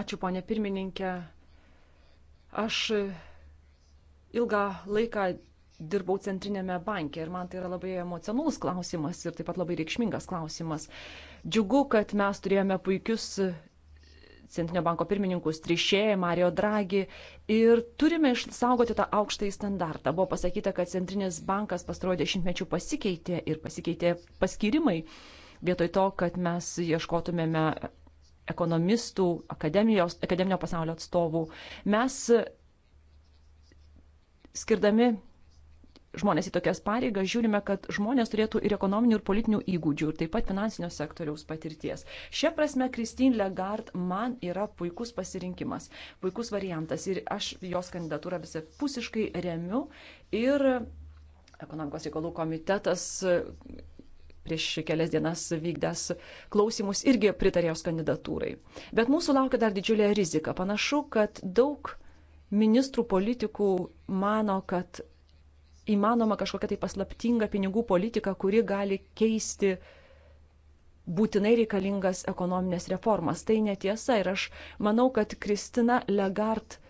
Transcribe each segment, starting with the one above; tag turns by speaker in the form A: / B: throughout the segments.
A: Ačiū, ponė pirmininkė. Aš ilgą laiką dirbau centrinėme banke ir man tai yra labai emocionalus klausimas ir taip pat labai reikšmingas klausimas. Džiugu, kad mes turėjome puikius Centrinio banko pirmininkus Trišė, Mario Draghi ir turime išsaugoti tą aukštąjį standartą. Buvo pasakyta, kad Centrinis bankas pastaruoju dešimtmečiu pasikeitė ir pasikeitė paskirimai. Vietoj to, kad mes ieškotumėme ekonomistų, akademinio pasaulio atstovų. Mes skirdami žmonės į tokias pareigas žiūrime, kad žmonės turėtų ir ekonominių, ir politinių įgūdžių, ir taip pat finansinio sektoriaus patirties. Šia prasme, Kristin Legard man yra puikus pasirinkimas, puikus variantas ir aš jos kandidatūrą visapusiškai remiu ir Ekonomikos reikalų komitetas prieš kelias dienas vykdęs klausimus irgi pritarė jos kandidatūrai. Bet mūsų laukia dar didžiulė rizika. Panašu, kad daug ministrų politikų mano, kad įmanoma kažkokia tai paslaptinga pinigų politika, kuri gali keisti būtinai reikalingas ekonominės reformas. Tai netiesa ir aš manau, kad Kristina Legard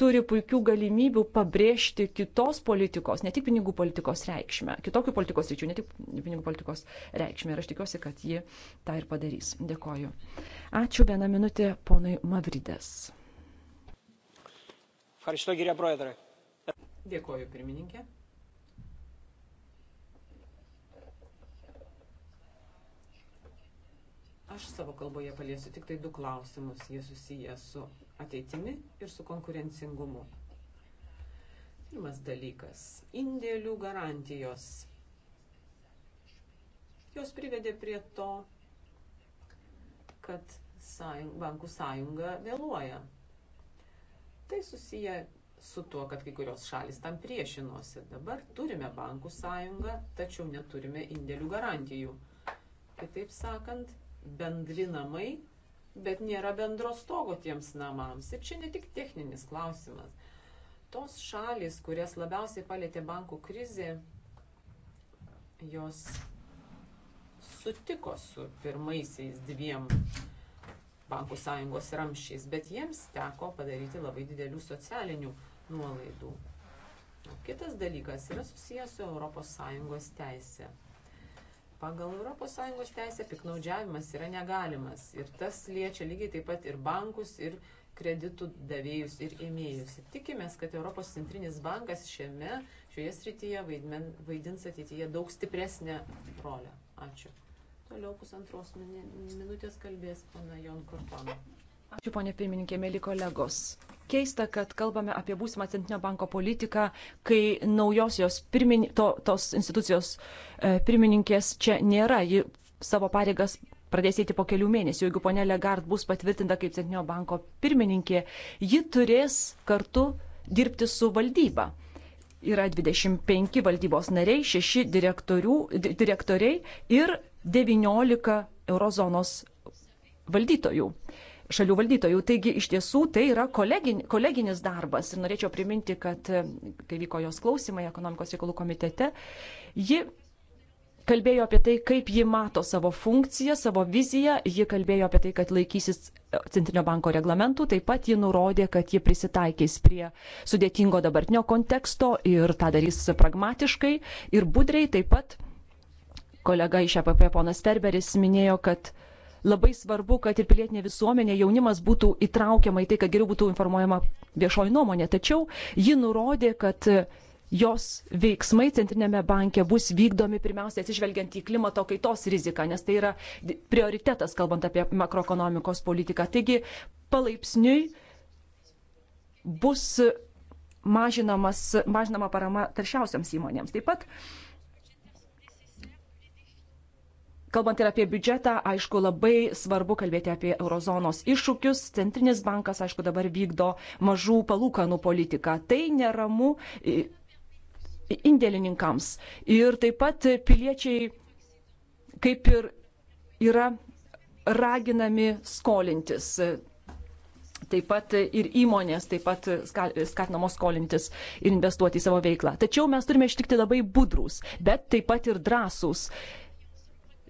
A: turi puikių galimybių pabrėžti kitos politikos, ne tik pinigų politikos reikšmę, kitokių politikos ryčių, ne tik pinigų politikos reikšmę. Ir aš tikiuosi, kad ji tą ir padarys. Dėkoju. Ačiū vieną minutę ponui Mavridas.
B: Dėkoju, pirmininkė. Aš savo kalboje paliesiu tik tai du klausimus, jie susiję su ateitimi ir su konkurencingumu. Pirmas dalykas - indėlių garantijos. Jos privedė prie to, kad sąjung, bankų sąjunga vėluoja. Tai susiję su tuo, kad kai kurios šalis tam priešinosi. Dabar turime bankų sąjungą, tačiau neturime indėlių garantijų. Kitaip sakant, bendri namai bet nėra bendro stogo tiems namams. Ir čia ne tik techninis klausimas. Tos šalis, kurias labiausiai palėtė bankų krizė, jos sutiko su pirmaisiais dviem bankų sąjungos ramšiais, bet jiems teko padaryti labai didelių socialinių nuolaidų. O kitas dalykas yra susijęs su ES teise. Pagal ES teisę piknaudžiavimas yra negalimas ir tas liečia lygiai taip pat ir bankus, ir kreditų davėjus ir ėmėjus. Ir tikimės, kad Europos centrinis bankas šiame, šioje srityje vaidmen,
A: vaidins ateityje daug stipresnę rolę. Ačiū.
B: Toliau pusantros minutės kalbės pana Jon Kortona.
A: Ačiū, ponė pirmininkė, mėly kolegos. Keista, kad kalbame apie būsimą Centrinio banko politiką, kai naujosios pirmin... to, tos institucijos e, pirmininkės čia nėra. Ji savo pareigas pradės eiti po kelių mėnesių. Jeigu ponė Legard bus patvirtinta kaip Centrinio banko pirmininkė, ji turės kartu dirbti su valdyba. Yra 25 valdybos nariai, 6 direktoriai ir 19 eurozonos valdytojų šalių valdytojų. Taigi iš tiesų tai yra kolegin, koleginis darbas. Ir norėčiau priminti, kad e, kai vyko jos klausimai ekonomikos reikalų komitete, ji kalbėjo apie tai, kaip ji mato savo funkciją, savo viziją, ji kalbėjo apie tai, kad laikysis e, Centrinio banko reglamentų, taip pat ji nurodė, kad ji prisitaikys prie sudėtingo dabartinio konteksto ir tą darys pragmatiškai ir budriai. Taip pat kolega iš EPP ponas Ferberis minėjo, kad labai svarbu, kad ir pilietinė visuomenė, jaunimas būtų įtraukiama į tai, kad geriau būtų informuojama viešoji nuomonė. Tačiau ji nurodė, kad jos veiksmai centrinėme banke bus vykdomi pirmiausia atsižvelgiant į klimato kaitos riziką, nes tai yra prioritetas, kalbant apie makroekonomikos politiką. Taigi palaipsniui bus mažinamas, mažinama parama taršiausiams įmonėms. Taip pat Kalbant ir apie biudžetą, aišku, labai svarbu kalbėti apie eurozonos iššūkius. Centrinis bankas, aišku, dabar vykdo mažų palūkanų politiką. Tai neramu indėlininkams. Ir taip pat piliečiai kaip ir yra raginami skolintis taip pat ir įmonės taip pat skatinamos skolintis ir investuoti į savo veiklą. Tačiau mes turime ištikti labai budrus, bet taip pat ir drąsūs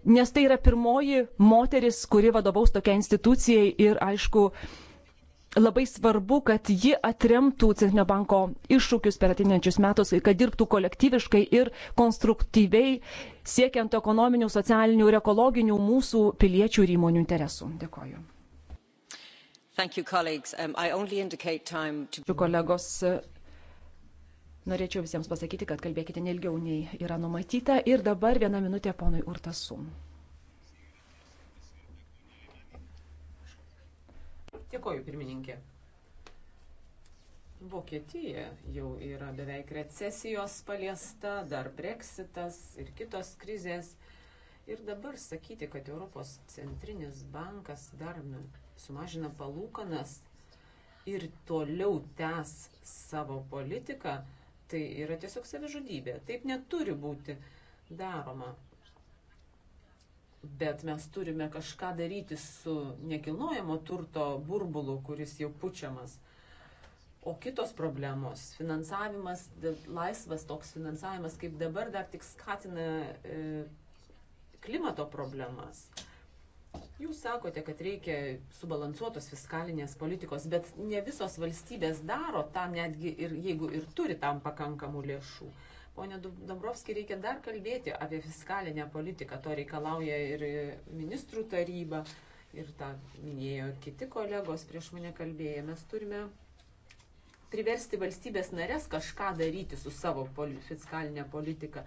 A: nes tai yra pirmoji moteris, kuri vadovaus tokia institucijai ir, aišku, labai svarbu, kad ji atremtų Centrinio banko iššūkius per atinančius metus, kad dirbtų kolektyviškai ir konstruktyviai, siekiant ekonominių, socialinių ir ekologinių mūsų piliečių ir įmonių interesų. Dėkoju.
C: Um, Ačiū
A: to... kolegos, Norėčiau visiems pasakyti, kad kalbėkite nelgiau nei yra numatyta. Ir dabar vieną minutę ponui Urtasu.
B: Dėkoju, pirmininkė. Vokietija jau yra beveik recesijos paliesta, dar breksitas ir kitos krizės. Ir dabar sakyti, kad Europos centrinis bankas dar nu, sumažina palūkanas ir toliau tęs savo politiką, Tai yra tiesiog savižudybė. Taip neturi būti daroma. Bet mes turime kažką daryti su nekilnojamo turto burbulu, kuris jau pučiamas. O kitos problemos - finansavimas, laisvas toks finansavimas, kaip dabar dar tik skatina e, klimato problemas. E, Jūs sakote, kad reikia subalansuotos fiskalinės politikos, bet ne visos valstybės daro tam netgi ir jeigu ir turi tam pakankamų lėšų. Pone Dombrovski, reikia dar kalbėti apie fiskalinę politiką, to reikalauja ir ministrų taryba, ir tą minėjo kiti kolegos prieš mane kalbėję. Mes turime priversti valstybės narės kažką daryti su savo fiskalinė politika. politika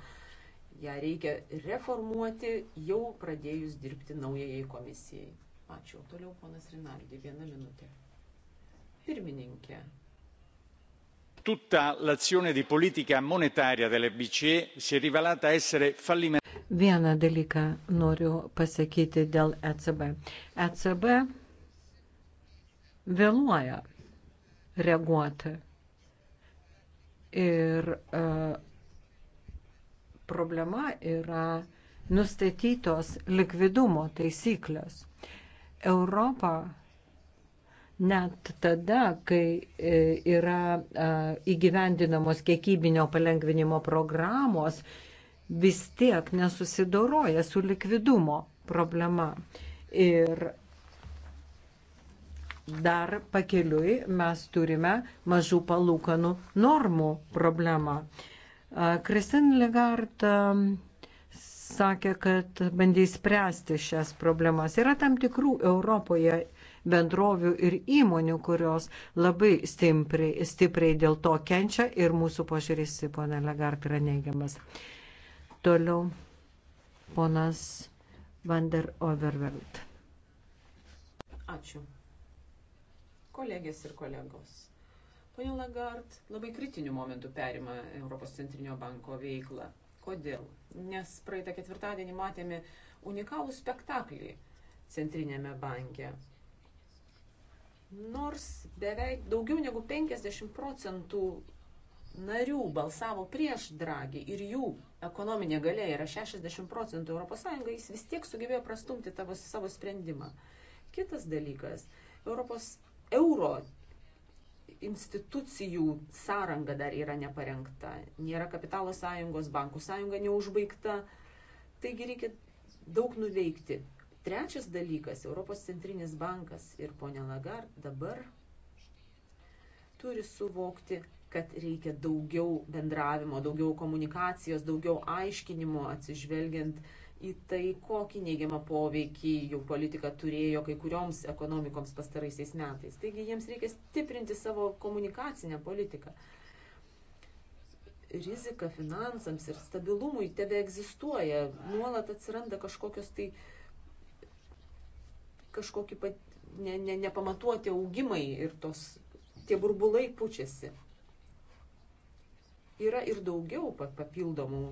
B: ją reikia reformuoti jau pradėjus dirbti naujajai komisijai. Ačiū. Toliau ponas Rinaldi, vieną minutę. Pirmininkė.
D: Tutta l'azione di politica monetaria delle BCE si è rivelata essere fallimentare.
C: Vieną dalyką noriu pasakyti dėl ECB. ECB vėluoja reaguoti ir uh, problema yra nustatytos likvidumo taisyklės. Europą net tada, kai e, yra e, įgyvendinamos kiekybinio palengvinimo programos, vis tiek nesusidoroja su likvidumo problema. Ir dar pakeliui mes turime mažų palūkanų normų problemą. Kristin Legard um, sakė, kad bandys spręsti šias problemas. Yra tam tikrų Europoje bendrovių ir įmonių, kurios labai stipriai, stipriai dėl to kenčia ir mūsų požiūris į poną Legard yra neigiamas. Toliau ponas Van der Overveld.
B: Ačiū. Kolegės ir kolegos Pone Lagard labai kritiniu momentu perima Europos centrinio banko veiklą. Kodėl? Nes praeitą ketvirtadienį matėme unikalų spektaklį centrinėme banke. Nors beveik daugiau negu 50 procentų narių balsavo prieš Dragį ir jų ekonominė galia yra 60 procentų ES, jis vis tiek sugebėjo prastumti tavo, savo sprendimą. Kitas dalykas, Europos euro institucijų sąranga dar yra neparengta, nėra kapitalo sąjungos, bankų sąjunga neužbaigta, taigi reikia daug nuveikti. Trečias dalykas - Europos centrinis bankas ir ponė Lagar dabar turi suvokti, kad reikia daugiau bendravimo, daugiau komunikacijos, daugiau aiškinimo atsižvelgiant į į tai, kokį neigiamą poveikį jų politika turėjo kai kurioms ekonomikoms pastaraisiais metais. Taigi jiems reikia stiprinti savo komunikacinę politiką. Rizika finansams ir stabilumui tebe egzistuoja, nuolat atsiranda kažkokios tai kažkokie pat, ne, ne, nepamatuoti augimai ir tos, tie burbulai pučiasi. Yra ir daugiau papildomų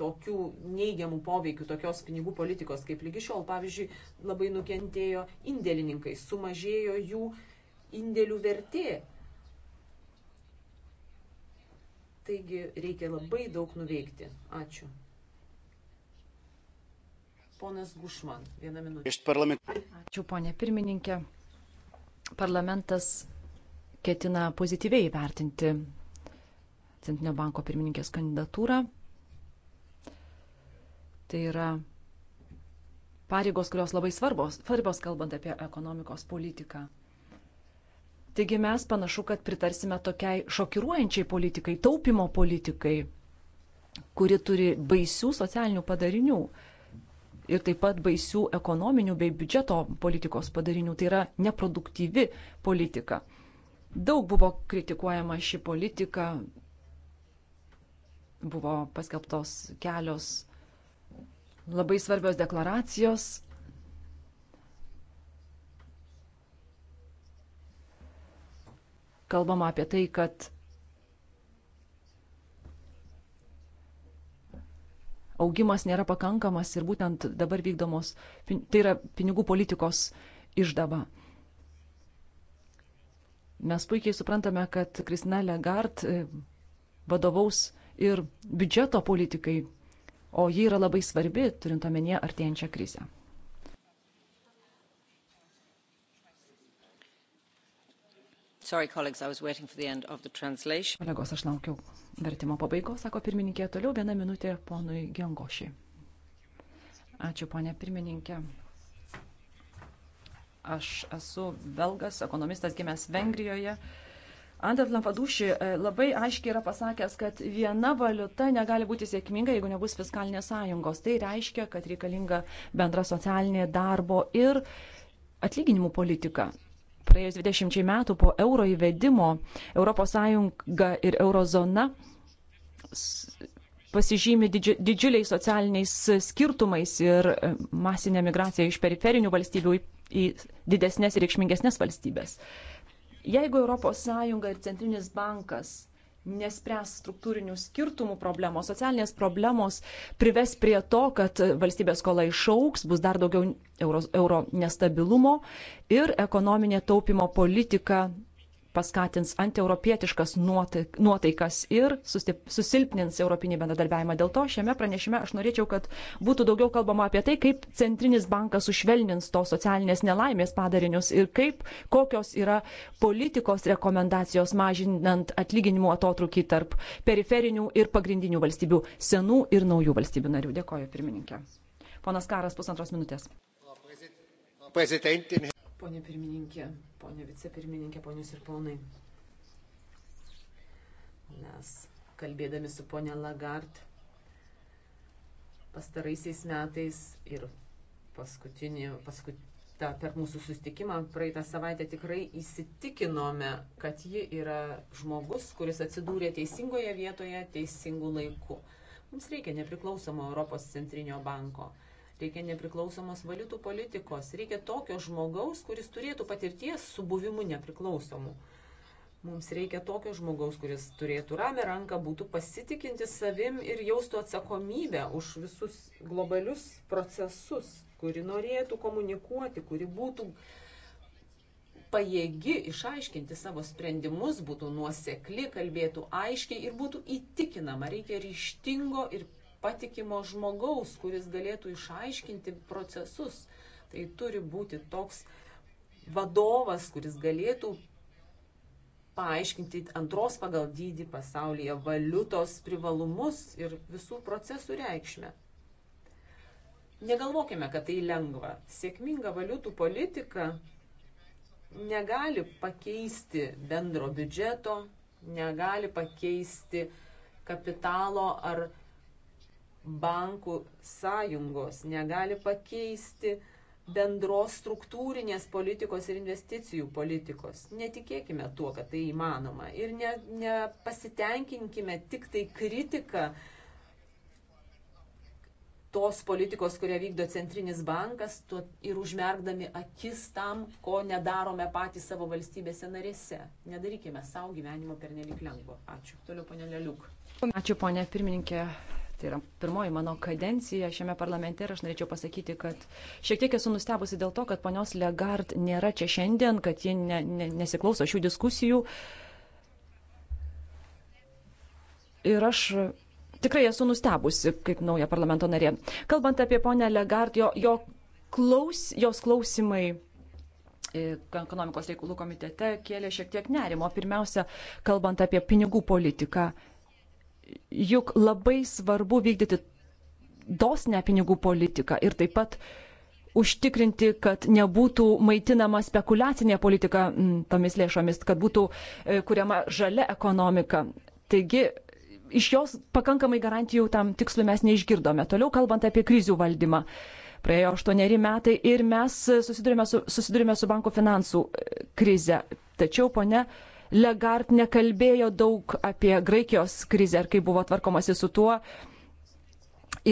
B: tokių neigiamų poveikių tokios pinigų politikos kaip lygi šiol. Pavyzdžiui, labai nukentėjo indėlininkai, sumažėjo jų indėlių vertė. Taigi reikia labai daug nuveikti.
A: Ačiū. Ponas Gušman, vieną minutę. Ačiū, ponė pirmininkė. Parlamentas ketina pozityviai vertinti Centrinio banko pirmininkės kandidatūrą Tai yra pareigos, kurios labai svarbos, svarbios kalbant apie ekonomikos politiką. Taigi mes panašu, kad pritarsime tokiai šokiruojančiai politikai, taupimo politikai, kuri turi baisių socialinių padarinių ir taip pat baisių ekonominių bei biudžeto politikos padarinių. Tai yra neproduktyvi politika. Daug buvo kritikuojama ši politika, buvo paskelbtos kelios Labai svarbios deklaracijos. Kalbama apie tai, kad augimas nėra pakankamas ir būtent dabar vykdomos, tai yra pinigų politikos išdava. Mes puikiai suprantame, kad Kristina Legard e, vadovaus ir biudžeto politikai o ji yra labai svarbi, turint omenyje artėjančią krizę.
C: Sorry, colleagues, I was waiting for the end of the translation.
A: Kolegos, aš laukiau vertimo pabaigos, sako pirmininkė, toliau viena minutė ponui Gengošiai. Ačiū, ponė pirmininkė. Aš esu belgas, ekonomistas gimęs Vengrijoje. Uh, Andrat Lampaduši e, labai aiškiai yra pasakęs, kad viena valiuta negali būti sėkminga, jeigu nebus fiskalinės sąjungos. Tai reiškia, kad reikalinga bendra socialinė darbo ir atlyginimų politika. Praėjus 20 metų po euro įvedimo ES ir eurozona pasižymi didži didžiuliais socialiniais skirtumais ir e, masinė migracija iš periferinių valstybių į didesnės ir reikšmingesnės valstybės. Jeigu ES ir Centrinis bankas nespręs struktūrinių skirtumų problemos, socialinės problemos prives prie to, kad valstybės skola išauks, bus dar daugiau euro, euro nestabilumo ir ekonominė taupimo politika paskatins antieuropietiškas nuotaikas ir susilpnins europinį bendradarbiavimą. Dėl to šiame pranešime aš norėčiau, kad būtų daugiau kalbama apie tai, kaip centrinis bankas sušvelnins to socialinės nelaimės padarinius ir kaip, kokios yra politikos rekomendacijos mažinant atlyginimų atotrukį tarp periferinių ir pagrindinių valstybių, senų ir naujų valstybių narių. Dėkoju, pirmininkė. Ponas Karas, pusantros minutės.
B: Pone pirmininkė, ponė vicepirmininkė, ponios ir ponai. Mes kalbėdami su ponė Lagard pastaraisiais metais ir paskutinį, paskutą per mūsų sustikimą praeitą savaitę tikrai įsitikinome, kad ji yra žmogus, kuris atsidūrė teisingoje vietoje teisingu laiku. Mums reikia nepriklausomo Europos centrinio banko reikia nepriklausomos valiutų politikos, reikia tokio žmogaus, kuris turėtų patirties su buvimu nepriklausomu. Mums reikia tokio žmogaus, kuris turėtų ramę ranką, būtų pasitikinti savim ir jaustų atsakomybę už visus globalius procesus, kuri norėtų komunikuoti, kuri būtų pajėgi išaiškinti savo sprendimus, būtų nuosekli, kalbėtų aiškiai ir būtų įtikinama. Reikia ryštingo ir patikimo žmogaus, kuris galėtų išaiškinti procesus. Tai turi būti toks vadovas, kuris galėtų paaiškinti antros pagal dydį pasaulyje valiutos privalumus ir visų procesų reikšmę. Negalvokime, kad tai lengva. Sėkminga valiutų politika negali pakeisti bendro biudžeto, negali pakeisti kapitalo ar bankų sąjungos, negali pakeisti bendros struktūrinės politikos ir investicijų politikos. Netikėkime tuo, kad tai įmanoma ir nepasitenkinkime ne, ne tik tai kritiką tos politikos, kurią vykdo centrinis bankas tuo, ir užmergdami akis tam, ko nedarome patys savo valstybėse narėse. Nedarykime savo gyvenimo pernelik lengvo. Ačiū. Toliau, ponė Leliuk.
A: Ačiū, ponė pirmininkė. Tai yra pirmoji mano kadencija šiame parlamente ir aš norėčiau pasakyti, kad šiek tiek esu nustebusi dėl to, kad ponios Legard nėra čia šiandien, kad ji ne, ne, nesiklauso šių diskusijų. Ir aš tikrai esu nustebusi kaip nauja parlamento narė. Kalbant apie ponę Legard, jo, jo klaus, jos klausimai e, ekonomikos reikalų komitete kėlė šiek tiek nerimo. Pirmiausia, kalbant apie pinigų politiką juk labai svarbu vykdyti dosnę pinigų politiką ir taip pat užtikrinti, kad nebūtų maitinama spekulacinė politika mm, tomis lėšomis, kad būtų e, kuriama žalia ekonomika. Taigi iš jos pakankamai garantijų tam tikslui mes neišgirdome. Toliau kalbant apie krizių valdymą. Praėjo aštuoneri metai ir mes susidurime su, susidurime su banko finansų e, krize. Tačiau, ponia Legard nekalbėjo daug apie Graikijos krizę ir kaip buvo tvarkomasi su tuo.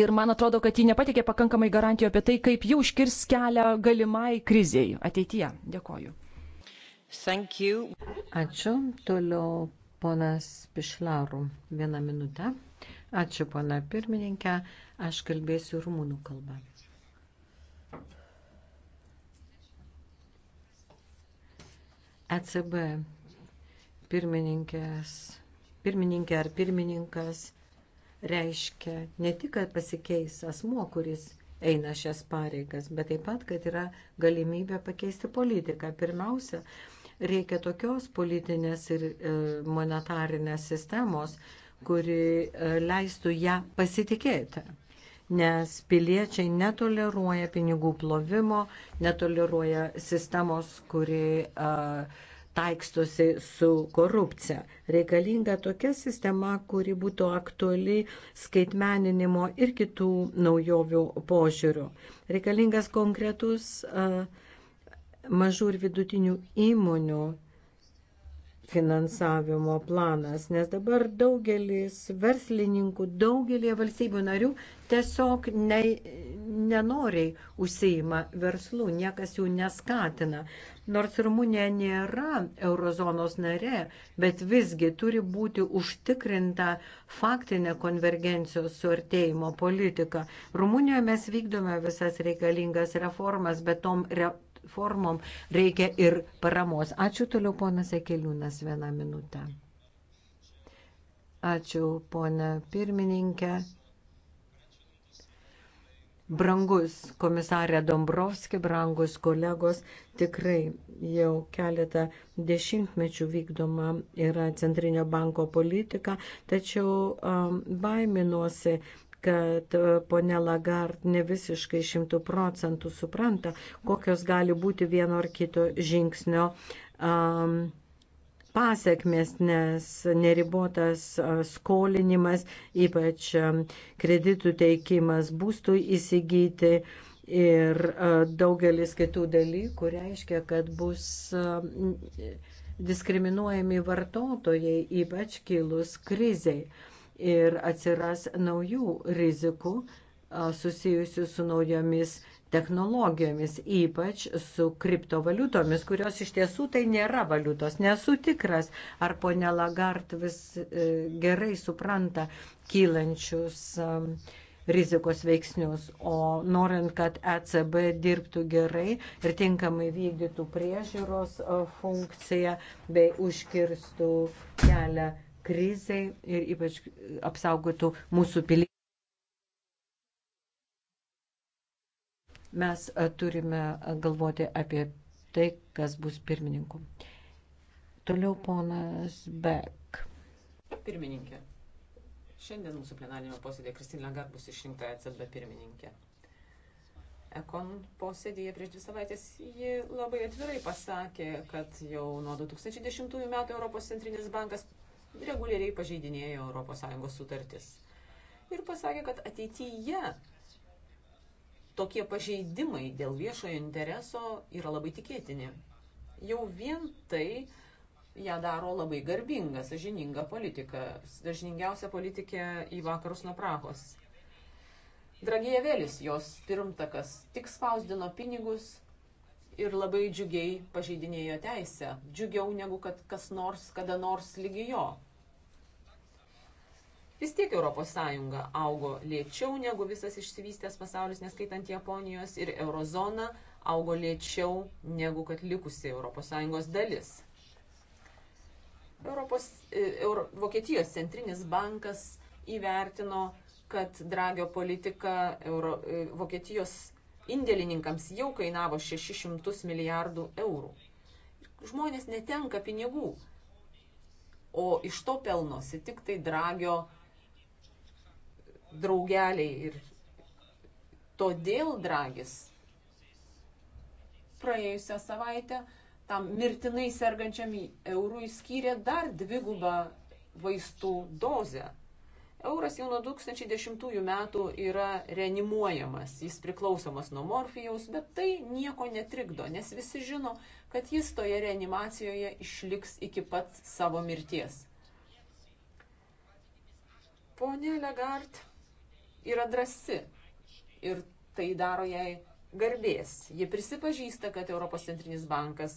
A: Ir man atrodo, kad ji nepatikė pakankamai garantijų apie tai, kaip jau užkirs kelią galimai kriziai ateityje. Dėkoju.
C: Ačiū. Toliau ponas Pišlarų. Vieną minutę. Ačiū, pana pirmininkė. Aš kalbėsiu rumūnų kalbą. ECB pirmininkės, pirmininkė ar pirmininkas reiškia ne tik, kad pasikeis asmo, kuris eina šias pareigas, bet taip pat, kad yra galimybė pakeisti politiką. Pirmiausia, reikia tokios politinės ir e, monetarinės sistemos, kuri e, leistų ją pasitikėti. Nes piliečiai netoleruoja pinigų plovimo, netoleruoja sistemos, kuri uh, taikstosi su korupcija. Reikalinga tokia sistema, kuri būtų aktuali skaitmeninimo ir kitų naujovių požiūrių. Reikalingas konkretus mažų ir vidutinių įmonių finansavimo planas, nes dabar daugelis verslininkų, daugelie valstybių narių tiesiog ne, nenoriai užsieima verslų, niekas jų neskatina. Nors Rumunija nėra eurozonos narė, bet visgi turi būti užtikrinta faktinė konvergencijos suartėjimo politika. Rumunijoje mes vykdome visas reikalingas reformas, bet tom reformom reikia ir paramos. Ačiū toliau, ponas Ekeliūnas, vieną minutę. Ačiū, ponė pirmininkė. Brangus komisarė Dombrovski, brangus kolegos, tikrai jau keletą dešimtmečių vykdoma yra Centrinio banko politika, tačiau um, baiminuosi, kad uh, ponė Lagard ne visiškai šimtų procentų supranta, kokios gali būti vieno ar kito žingsnio um, pasiekmes, nes neribotas skolinimas, ypač kreditų teikimas būstų įsigyti ir daugelis kitų dalykų reiškia, kad bus diskriminuojami vartotojai, ypač kilus kriziai. Ir atsiras naujų rizikų susijusių su naujomis technologijomis, ypač su kriptovaliutomis, kurios iš tiesų tai nėra valiutos. Nesu tikras, ar ponia Lagart vis e, gerai supranta kylančius rizikos veiksnius, o norint, kad ECB dirbtų gerai ir tinkamai vykdytų priežiūros e, funkciją bei užkirstų kelią krizai ir ypač apsaugotų mūsų piliečių. Mes turime galvoti apie tai, kas bus pirmininku. Toliau ponas Beck.
B: Pirmininkė. Šiandien mūsų plenarinio posėdėje Kristin Lagarde bus išrinkta ECB pirmininkė. Ekon posėdėje prieš dvi savaitės ji labai atvirai pasakė, kad jau nuo 2010 metų Europos centrinis bankas reguliariai pažeidinėjo ES sutartis. Ir pasakė, kad ateityje tokie pažeidimai dėl viešojo intereso yra labai tikėtini. Jau vien tai ją daro labai garbinga, sažininga politika, dažningiausia politikė į vakarus nuo Prahos. Dragijevėlis, jos pirmtakas, tik spausdino pinigus ir labai džiugiai pažeidinėjo teisę, džiugiau negu kad kas nors kada nors lygi jo. Vis tiek ES augo lėčiau negu visas išsivystęs pasaulis, neskaitant Japonijos, ir eurozona augo lėčiau negu kad likusi ES dalis. Europos, e, Euro, Vokietijos centrinis bankas įvertino, kad dragio politika Euro, e, Vokietijos indėlininkams jau kainavo 600 milijardų eurų. Žmonės netenka pinigų, o iš to pelnosi tik tai dragio draugeliai ir todėl Dragis praėjusią savaitę tam mirtinai sergančiam eurui skyrė dar dvigubą vaistų dozę. Euras jau nuo 2010 metų yra reanimuojamas, jis priklausomas nuo morfijaus, bet tai nieko netrikdo, nes visi žino, kad jis toje reanimacijoje išliks iki pat savo mirties. Pone Legard, yra drasi ir tai daro jai garbės. Ji prisipažįsta, kad Europos centrinis bankas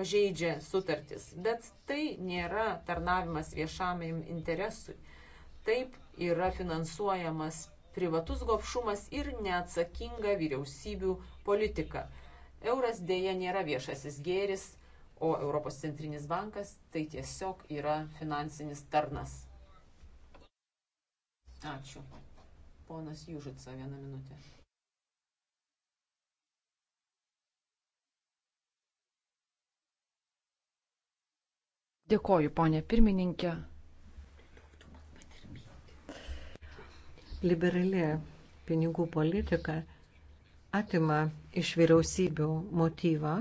B: pažeidžia sutartis, bet tai nėra tarnavimas viešamajam interesui. Taip yra finansuojamas privatus gopšumas ir neatsakinga vyriausybių politika. Euras dėja nėra viešasis gėris, o Europos centrinis bankas tai tiesiog yra finansinis tarnas. Ačiū. Ponas Jūžica, vieną minutę.
A: Dėkoju, ponė pirmininkė. Liberali
C: pinigų politika atima iš vyriausybių motyvą,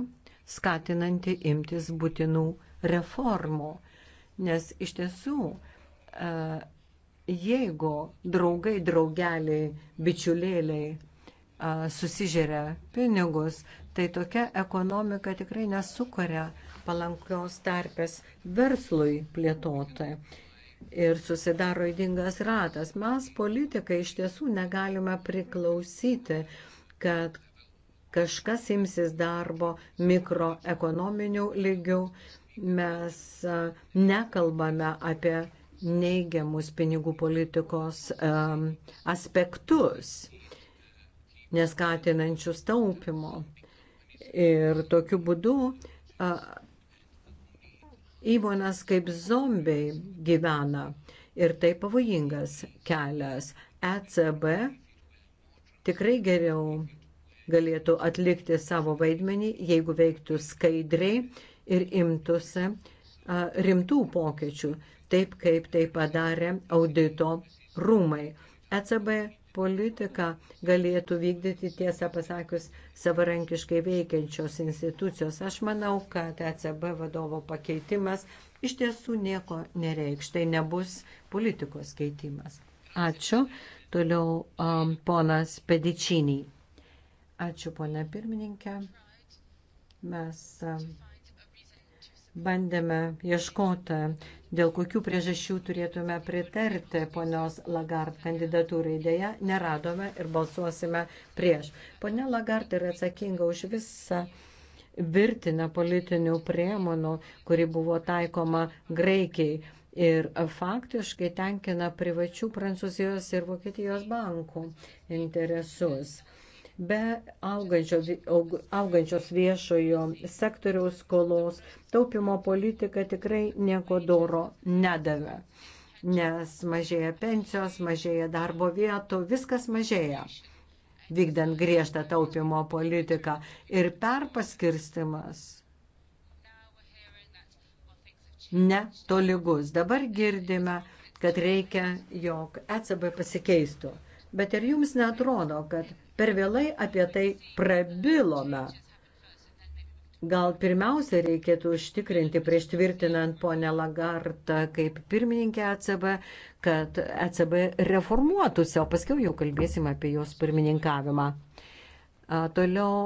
C: skatinanti imtis būtinų reformų, nes iš tiesų e, jeigu draugai, draugeliai, bičiulėliai susižeria pinigus, tai tokia ekonomika tikrai nesukuria palankios tarpės verslui plėtoti. Ir susidaro įdingas ratas. Mes, politikai, iš tiesų negalime priklausyti, kad kažkas imsis darbo mikroekonominių lygių. Mes nekalbame apie neigiamus pinigų politikos um, aspektus, neskatinančius taupimo. Ir tokiu būdu uh, įmonės kaip zombiai gyvena. Ir tai pavojingas kelias. ECB tikrai geriau galėtų atlikti savo vaidmenį, jeigu veiktų skaidriai ir imtųsi rimtų pokyčių taip kaip tai padarė audito rūmai. ECB politiką galėtų vykdyti, tiesą pasakius, savarankiškai veikiančios institucijos. Aš manau, kad ECB vadovo pakeitimas iš tiesų nieko nereikš. Tai nebus politikos keitimas. Ačiū. Toliau um, ponas Pedičiniai. Ačiū, ponė pirmininkė. Mes. Um, bandėme ieškoti, dėl kokių priežasčių turėtume pritarti ponios Lagard kandidatūrai. Dėja, neradome ir balsuosime prieš. Pone Lagard yra atsakinga už visą virtinę politinių priemonų, kuri buvo taikoma Graikijai ir faktiškai tenkina privačių Prancūzijos ir Vokietijos bankų interesus. Be augančio, augančios viešojo sektoriaus skolos taupimo politika tikrai nieko doro nedavė, nes mažėja pensijos, mažėja darbo vietų, viskas mažėja vykdant griežtą taupimo politiką ir perpaskirstimas netolygus. Dabar girdime, kad reikia, jog ECB pasikeistų. Bet ir jums netrodo, kad per vėlai apie tai prabilome. Gal pirmiausia reikėtų užtikrinti prieš tvirtinant ponę Lagartą kaip pirmininkę ECB, kad ECB reformuotųsi, o paskui jau kalbėsim apie jos pirmininkavimą. Toliau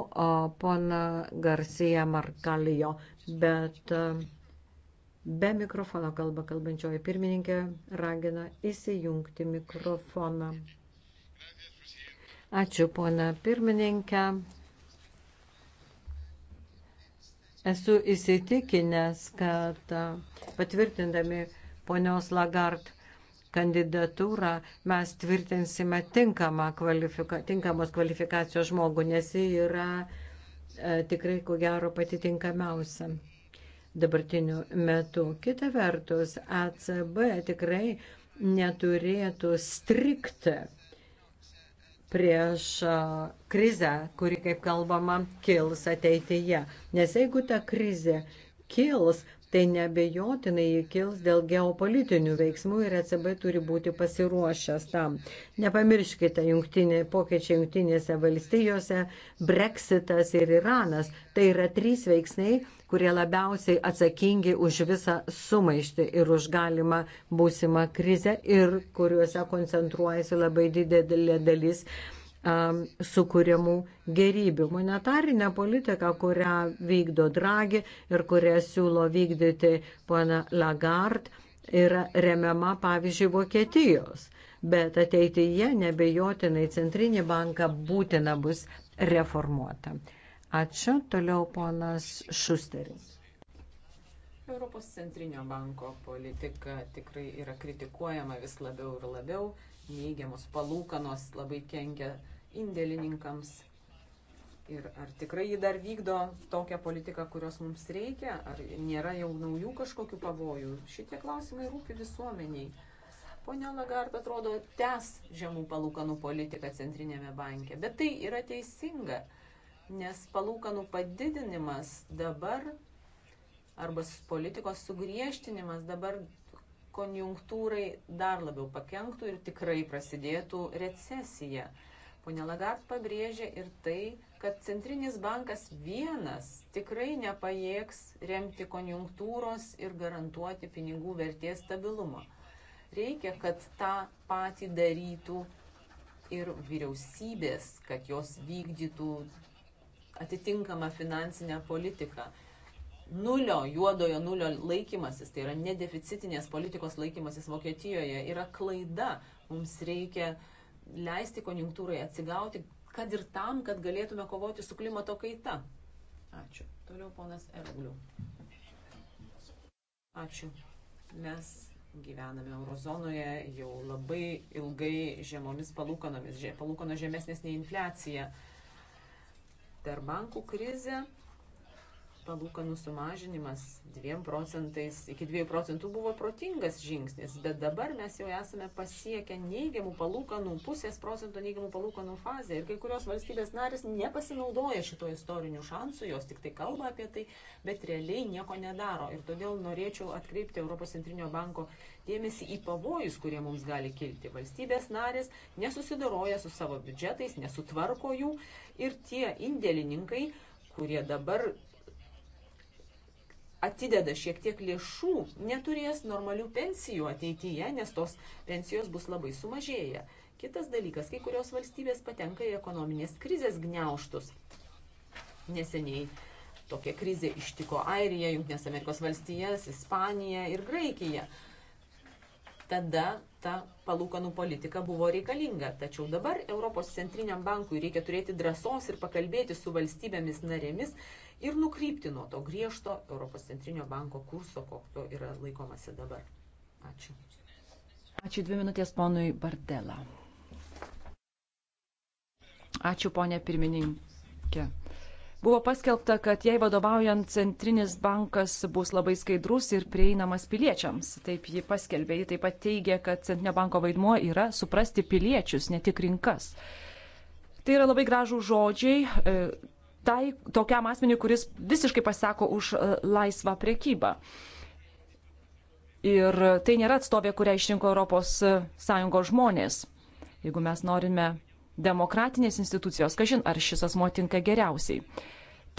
C: pona Garcija Markalijo, bet be mikrofono kalba kalbančioji pirmininkė ragina įsijungti mikrofoną. Ačiū, pona pirmininkė. Esu įsitikinęs, kad patvirtindami ponios Lagart kandidatūrą mes tvirtinsime tinkamą kvalifika, tinkamos kvalifikacijos žmogų, nes jis yra e, tikrai, ko gero, pati tinkamiausia dabartiniu metu. Kita vertus, ECB tikrai neturėtų strikti prieš krizę, kuri, kaip kalbama, kils ateityje. Nes jeigu ta krizė kils, tai nebejotinai kils dėl geopolitinių veiksmų ir ECB turi būti pasiruošęs tam. Nepamirškite, jungtinė, pokyčiai jungtinėse valstijose, Brexitas ir Iranas - tai yra trys veiksniai, kurie labiausiai atsakingi už visą sumaištį ir už galimą būsimą krizę ir kuriuose koncentruojasi labai didelė dalis sukūriamų gerybių. Monetarinė politika, kurią vykdo Dragi ir kurią siūlo vykdyti pana Lagarde, yra remiama pavyzdžiui Vokietijos. Bet ateityje nebejotinai centrinį banką būtina bus reformuota. Ačiū. Toliau ponas Šusteris.
B: Europos centrinio banko politika tikrai yra kritikuojama vis labiau ir labiau neigiamos palūkanos labai kenkia indėlininkams. Ir ar tikrai ji dar vykdo tokią politiką, kurios mums reikia, ar nėra jau naujų kažkokių pavojų. Šitie klausimai rūpi visuomeniai. Pone Lagart, atrodo, tęs žemų palūkanų politiką centrinėme banke. Bet tai yra teisinga, nes palūkanų padidinimas dabar arba politikos sugriežtinimas dabar konjunktūrai dar labiau pakenktų ir tikrai prasidėtų recesija. Pone Lagart pabrėžė ir tai, kad centrinis bankas vienas tikrai nepajėgs remti konjunktūros ir garantuoti pinigų vertės stabilumo. Reikia, kad tą patį darytų ir vyriausybės, kad jos vykdytų atitinkamą finansinę politiką nulio, juodojo nulio laikymasis, tai yra nedeficitinės politikos laikymasis Vokietijoje, yra klaida. Mums reikia leisti konjunktūrai atsigauti, kad ir tam, kad galėtume kovoti su klimato kaita. Ačiū. Toliau ponas Ergliu. Ačiū. Mes gyvename eurozonoje jau labai ilgai žemomis palūkanomis, palūkano žemesnės nei infliacija. Per bankų krizę palūkanų sumažinimas 2 procentais iki 2 procentų buvo protingas žingsnis, bet dabar mes jau esame pasiekę neigiamų palūkanų, pusės procento neigiamų palūkanų fazę ir kai kurios valstybės narės nepasinaudoja šito istoriniu šansu, jos tik tai kalba apie tai, bet realiai nieko nedaro. Ir todėl norėčiau atkreipti Europos centrinio banko dėmesį į pavojus, kurie mums gali kilti. Valstybės narės nesusidoroja su savo biudžetais, nesutvarko jų ir tie indėlininkai, kurie dabar atideda šiek tiek lėšų, neturės normalių pensijų ateityje, nes tos pensijos bus labai sumažėję. Kitas dalykas, kai kurios valstybės patenka į ekonominės krizės gniauštus. Neseniai tokia krizė ištiko Airiją, Junktinės Amerikos valstijas, Ispaniją ir Graikiją. Tada ta palūkanų politika buvo reikalinga, tačiau dabar Europos centriniam bankui reikia turėti drąsos ir pakalbėti su valstybėmis narėmis, ir nukrypti nuo to griežto Europos centrinio banko kurso, kokio yra laikomasi dabar.
C: Ačiū.
A: Ačiū dvi minutės ponui Bardelą. Ačiū ponė pirmininkė. Buvo paskelbta, kad jai vadovaujant centrinis bankas bus labai skaidrus ir prieinamas piliečiams. Taip ji paskelbė, ji taip pat teigia, kad centrinio banko vaidmuo yra suprasti piliečius, ne tik rinkas. Tai yra labai gražų žodžiai, tai, tokiam asmeniu, kuris visiškai pasako už e, laisvą priekybą. Ir tai nėra atstovė, kurią išrinko ES e, žmonės. Jeigu mes norime demokratinės institucijos, kažin ar šis asmo tinka geriausiai.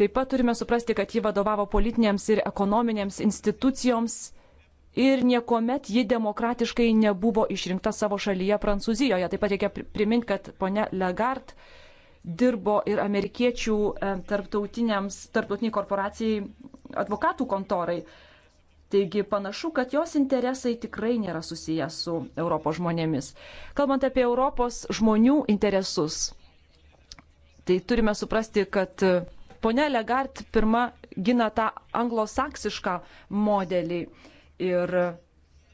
A: Taip pat turime suprasti, kad ji vadovavo politinėms ir ekonominėms institucijoms ir niekuomet ji demokratiškai nebuvo išrinkta savo šalyje Prancūzijoje. Taip pat reikia priminti, kad ponia Lagarde dirbo ir amerikiečių e, tarptautiniai korporacijai advokatų kontorai. Taigi panašu, kad jos interesai tikrai nėra susiję su Europos žmonėmis. Kalbant apie Europos žmonių interesus, tai turime suprasti, kad e, ponia Legard pirma gina tą anglosaksišką modelį. Ir e,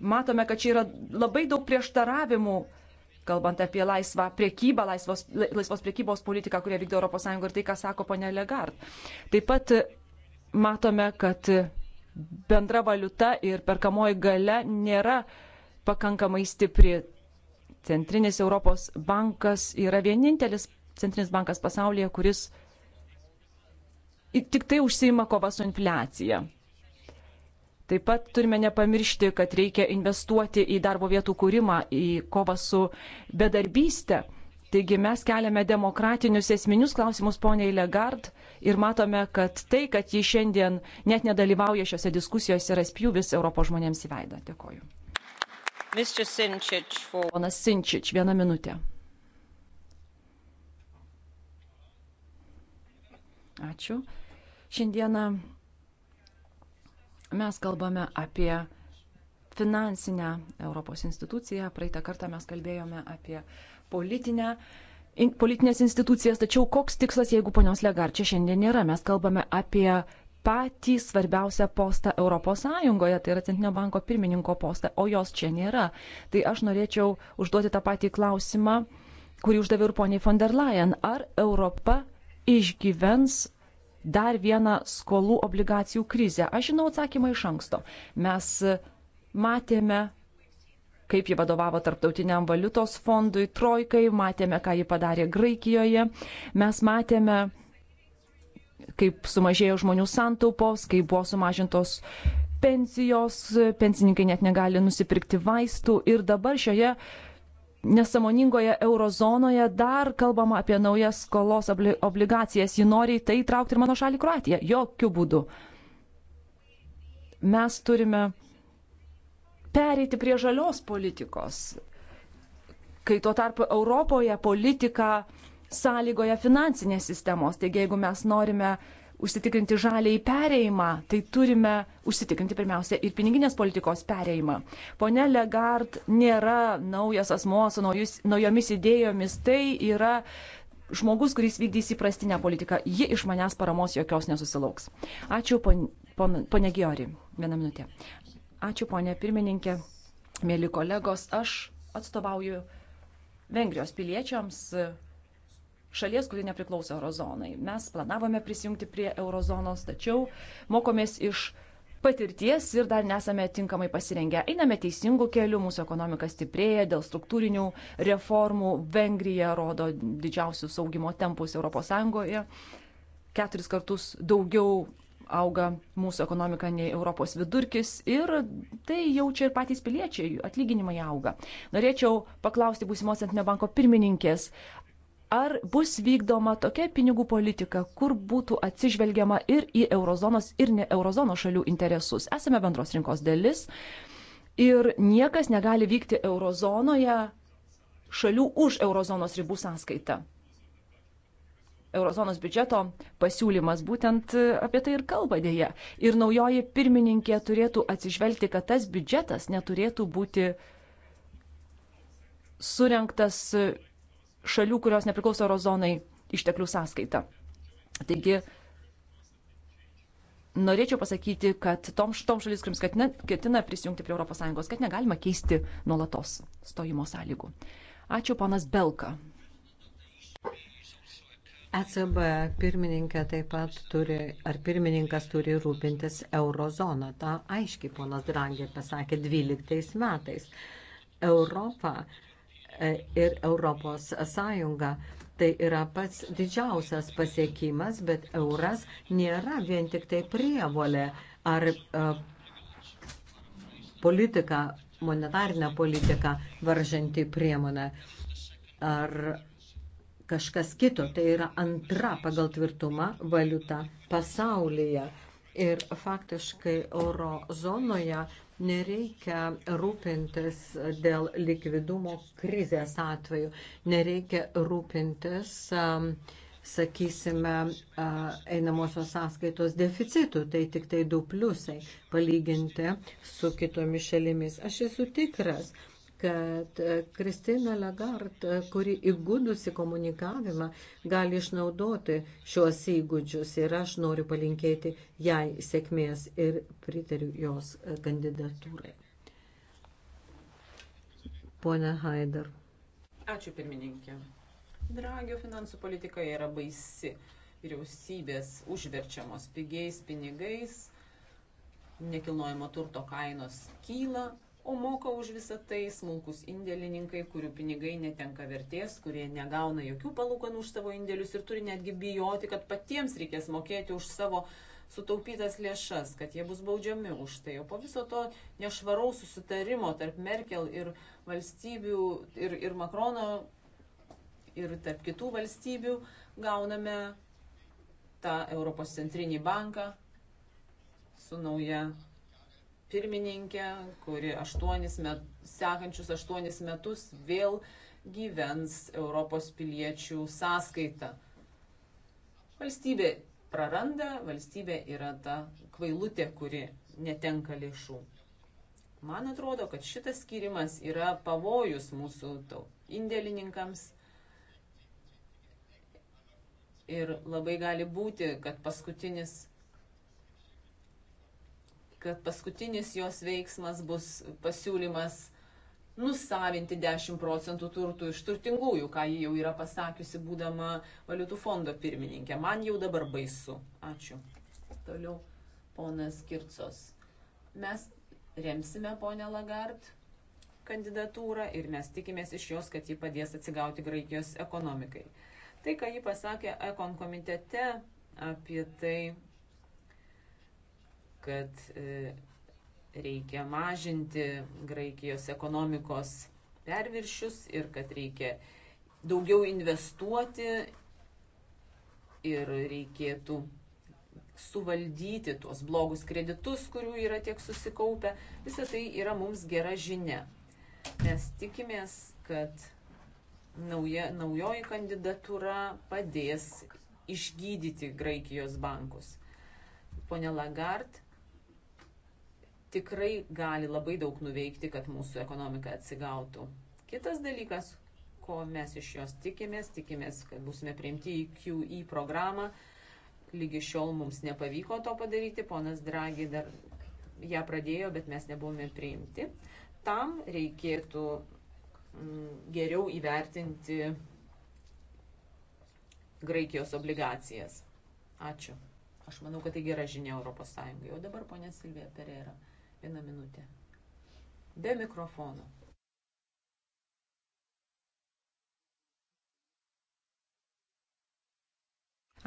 A: matome, kad čia yra labai daug prieštaravimų kalbant apie laisvą priekybą, laisvos, laisvos priekybos politiką, kurią vykdo ES ir tai, ką sako ponė Legard. Taip pat matome, kad bendra valiuta ir perkamoji gale nėra pakankamai stipri. Centrinis Europos bankas yra vienintelis centrinis bankas pasaulyje, kuris tik tai užsima kova su infliacija. Taip pat turime nepamiršti, kad reikia investuoti į darbo vietų kūrimą, į kovą su bedarbystė. Taigi mes keliame demokratinius esminius klausimus poniai Legard ir matome, kad tai, kad ji šiandien net nedalyvauja šiuose diskusijose, yra spjūvis Europos žmonėms į veidą. Dėkoju.
C: Sinčič, for...
A: Ponas Sinčič, vieną minutę. Ačiū. Šiandieną Mes kalbame apie finansinę Europos instituciją. Praeitą kartą mes kalbėjome apie politinę in, politinės institucijas, tačiau koks tikslas, jeigu ponios Legar čia šiandien nėra, mes kalbame apie patį svarbiausią postą ES, tai yra Centrinio banko pirmininko postą, o jos čia nėra. Tai aš norėčiau užduoti tą patį klausimą, kurį uždaviau ir poniai von der Leyen. Ar Europa išgyvens dar vieną skolų obligacijų krizę? Aš žinau atsakymą iš anksto. Mes matėme, kaip ji vadovavo Tarptautiniam valiutos fondui, trojkai, matėme, ką ji padarė Graikijoje, mes matėme, kaip sumažėjo žmonių santaupos, kaip buvo sumažintos pensijos, pensininkai net negali nusipirkti vaistų ir dabar šioje nesamoningoje eurozonoje dar kalbama apie naujas skolos obligacijas. Ji nori į tai įtraukti ir mano šalį Kroatiją. Jokių būdų. Mes turime pereiti prie žalios politikos, kai tuo tarpu Europoje politika sąlygoja finansinės sistemos. Taigi, jeigu mes norime uh, užsitikrinti žaliai pereimą, tai turime užsitikrinti pirmiausia ir piniginės politikos pereimą. Pone Legard nėra naujas asmo su naujomis idėjomis, tai yra žmogus, kuris vykdys įprastinę politiką. Ji iš manęs paramos jokios nesusilauks. Ačiū, pon, pon, ponė Giori. Vieną minutę. Ačiū, ponė pirmininkė. Mėly kolegos, aš atstovauju Vengrijos piliečiams, šalies, kuri nepriklauso eurozonai. Mes planavome prisijungti prie eurozonos, tačiau mokomės iš patirties ir dar nesame tinkamai pasirengę. Einame teisingų kelių, mūsų ekonomika stiprėja dėl struktūrinių reformų. Vengrija rodo didžiausius augimo tempus ES. Keturis kartus daugiau auga mūsų ekonomika nei Europos vidurkis ir tai jaučia ir patys piliečiai, atlyginimai auga. Norėčiau paklausti būsimos Centrinio banko pirmininkės, ar bus vykdoma tokia pinigų politika, kur būtų atsižvelgiama ir į eurozonos, ir ne eurozonos šalių interesus. Esame bendros rinkos dalis ir niekas negali vykti eurozonoje šalių už eurozonos ribų sąskaitą. Eurozonos biudžeto pasiūlymas būtent apie tai ir kalba dėje. Ir naujoji pirmininkė turėtų atsižvelgti, kad tas biudžetas neturėtų būti surinktas šalių, kurios nepriklauso eurozonai išteklių sąskaita. Taigi, norėčiau pasakyti, kad tom šitom šalis, kuriams ketina, ketina prisijungti prie ES, kad negalima keisti nuolatos stojimo sąlygų. Ačiū, ponas Belka.
C: ECB pirmininkė taip pat turi, ar pirmininkas turi rūpintis eurozoną. Ta aiškiai ponas Drangė pasakė 12 metais. Europa ir Europos Sąjungą. Tai yra pats didžiausias pasiekimas, bet euras nėra vien tik tai prievolė ar uh, politika, monetarinė politika varžanti priemonę ar kažkas kito. Tai yra antra pagal tvirtumą valiuta pasaulyje. Ir faktiškai euro zonoje nereikia rūpintis dėl likvidumo krizės atveju, nereikia rūpintis, um, sakysime, einamosios sąskaitos deficitų, tai tik tai du pliusai palyginti su kitomis šalimis. Aš esu tikras, kad Kristina Lagarde, kuri įgūdusi komunikavimą, gali išnaudoti šiuos įgūdžius ir aš noriu palinkėti jai sėkmės ir pritariu jos kandidatūrai. Pone Haider.
B: Ačiū pirmininkė. Dragio finansų politika yra baisi. Vyriausybės užverčiamos pigiais pinigais, nekilnojamo turto kainos kyla, o moka už visą tai smulkus indėlininkai, kurių pinigai netenka vertės, kurie negauna jokių palūkanų už savo indėlius ir turi netgi bijoti, kad patiems reikės mokėti už savo sutaupytas lėšas, kad jie bus baudžiami už tai. O po viso to nešvaraus susitarimo tarp Merkel ir valstybių ir, ir Makrono ir tarp kitų valstybių gauname tą Europos centrinį banką su nauja pirmininkė, kuri aštuonis met, sekančius aštuonis metus vėl gyvens Europos piliečių sąskaita. Valstybė praranda, valstybė yra ta kvailutė, kuri netenka lėšų. Man atrodo, kad šitas skirimas yra pavojus mūsų indėlininkams ir labai gali būti, kad paskutinis kad paskutinis jos veiksmas bus pasiūlymas nusavinti 10 procentų turtų iš turtingųjų, ką ji jau yra pasakiusi, būdama valiutų fondo pirmininkė. Man jau dabar baisu. Ačiū. Toliau ponas Kircos. Mes remsime ponę Lagard kandidatūrą ir mes tikimės iš jos, kad ji padės atsigauti Graikijos ekonomikai. Tai, ką ji pasakė Ekon komitete apie tai, kad e, reikia mažinti Graikijos ekonomikos perviršius ir kad reikia daugiau investuoti ir reikėtų suvaldyti tuos blogus kreditus, kurių yra tiek susikaupę. Visą tai yra mums gera žinia. Mes tikimės, kad nauja, naujoji kandidatūra padės išgydyti Graikijos bankus. Pone Lagard tikrai gali labai daug nuveikti, kad mūsų ekonomika atsigautų. Kitas dalykas, ko mes iš jos tikimės, tikimės, kad būsime priimti į QE programą. Lygi šiol mums nepavyko to padaryti, ponas Dragi dar ją pradėjo, bet mes nebuvome priimti. Tam reikėtų mm, geriau įvertinti Graikijos obligacijas. Ačiū. Aš manau, kad tai gera žinia Europos Sąjungai. O dabar ponė Silvija Pereira. Vieną minutę. Be mikrofono.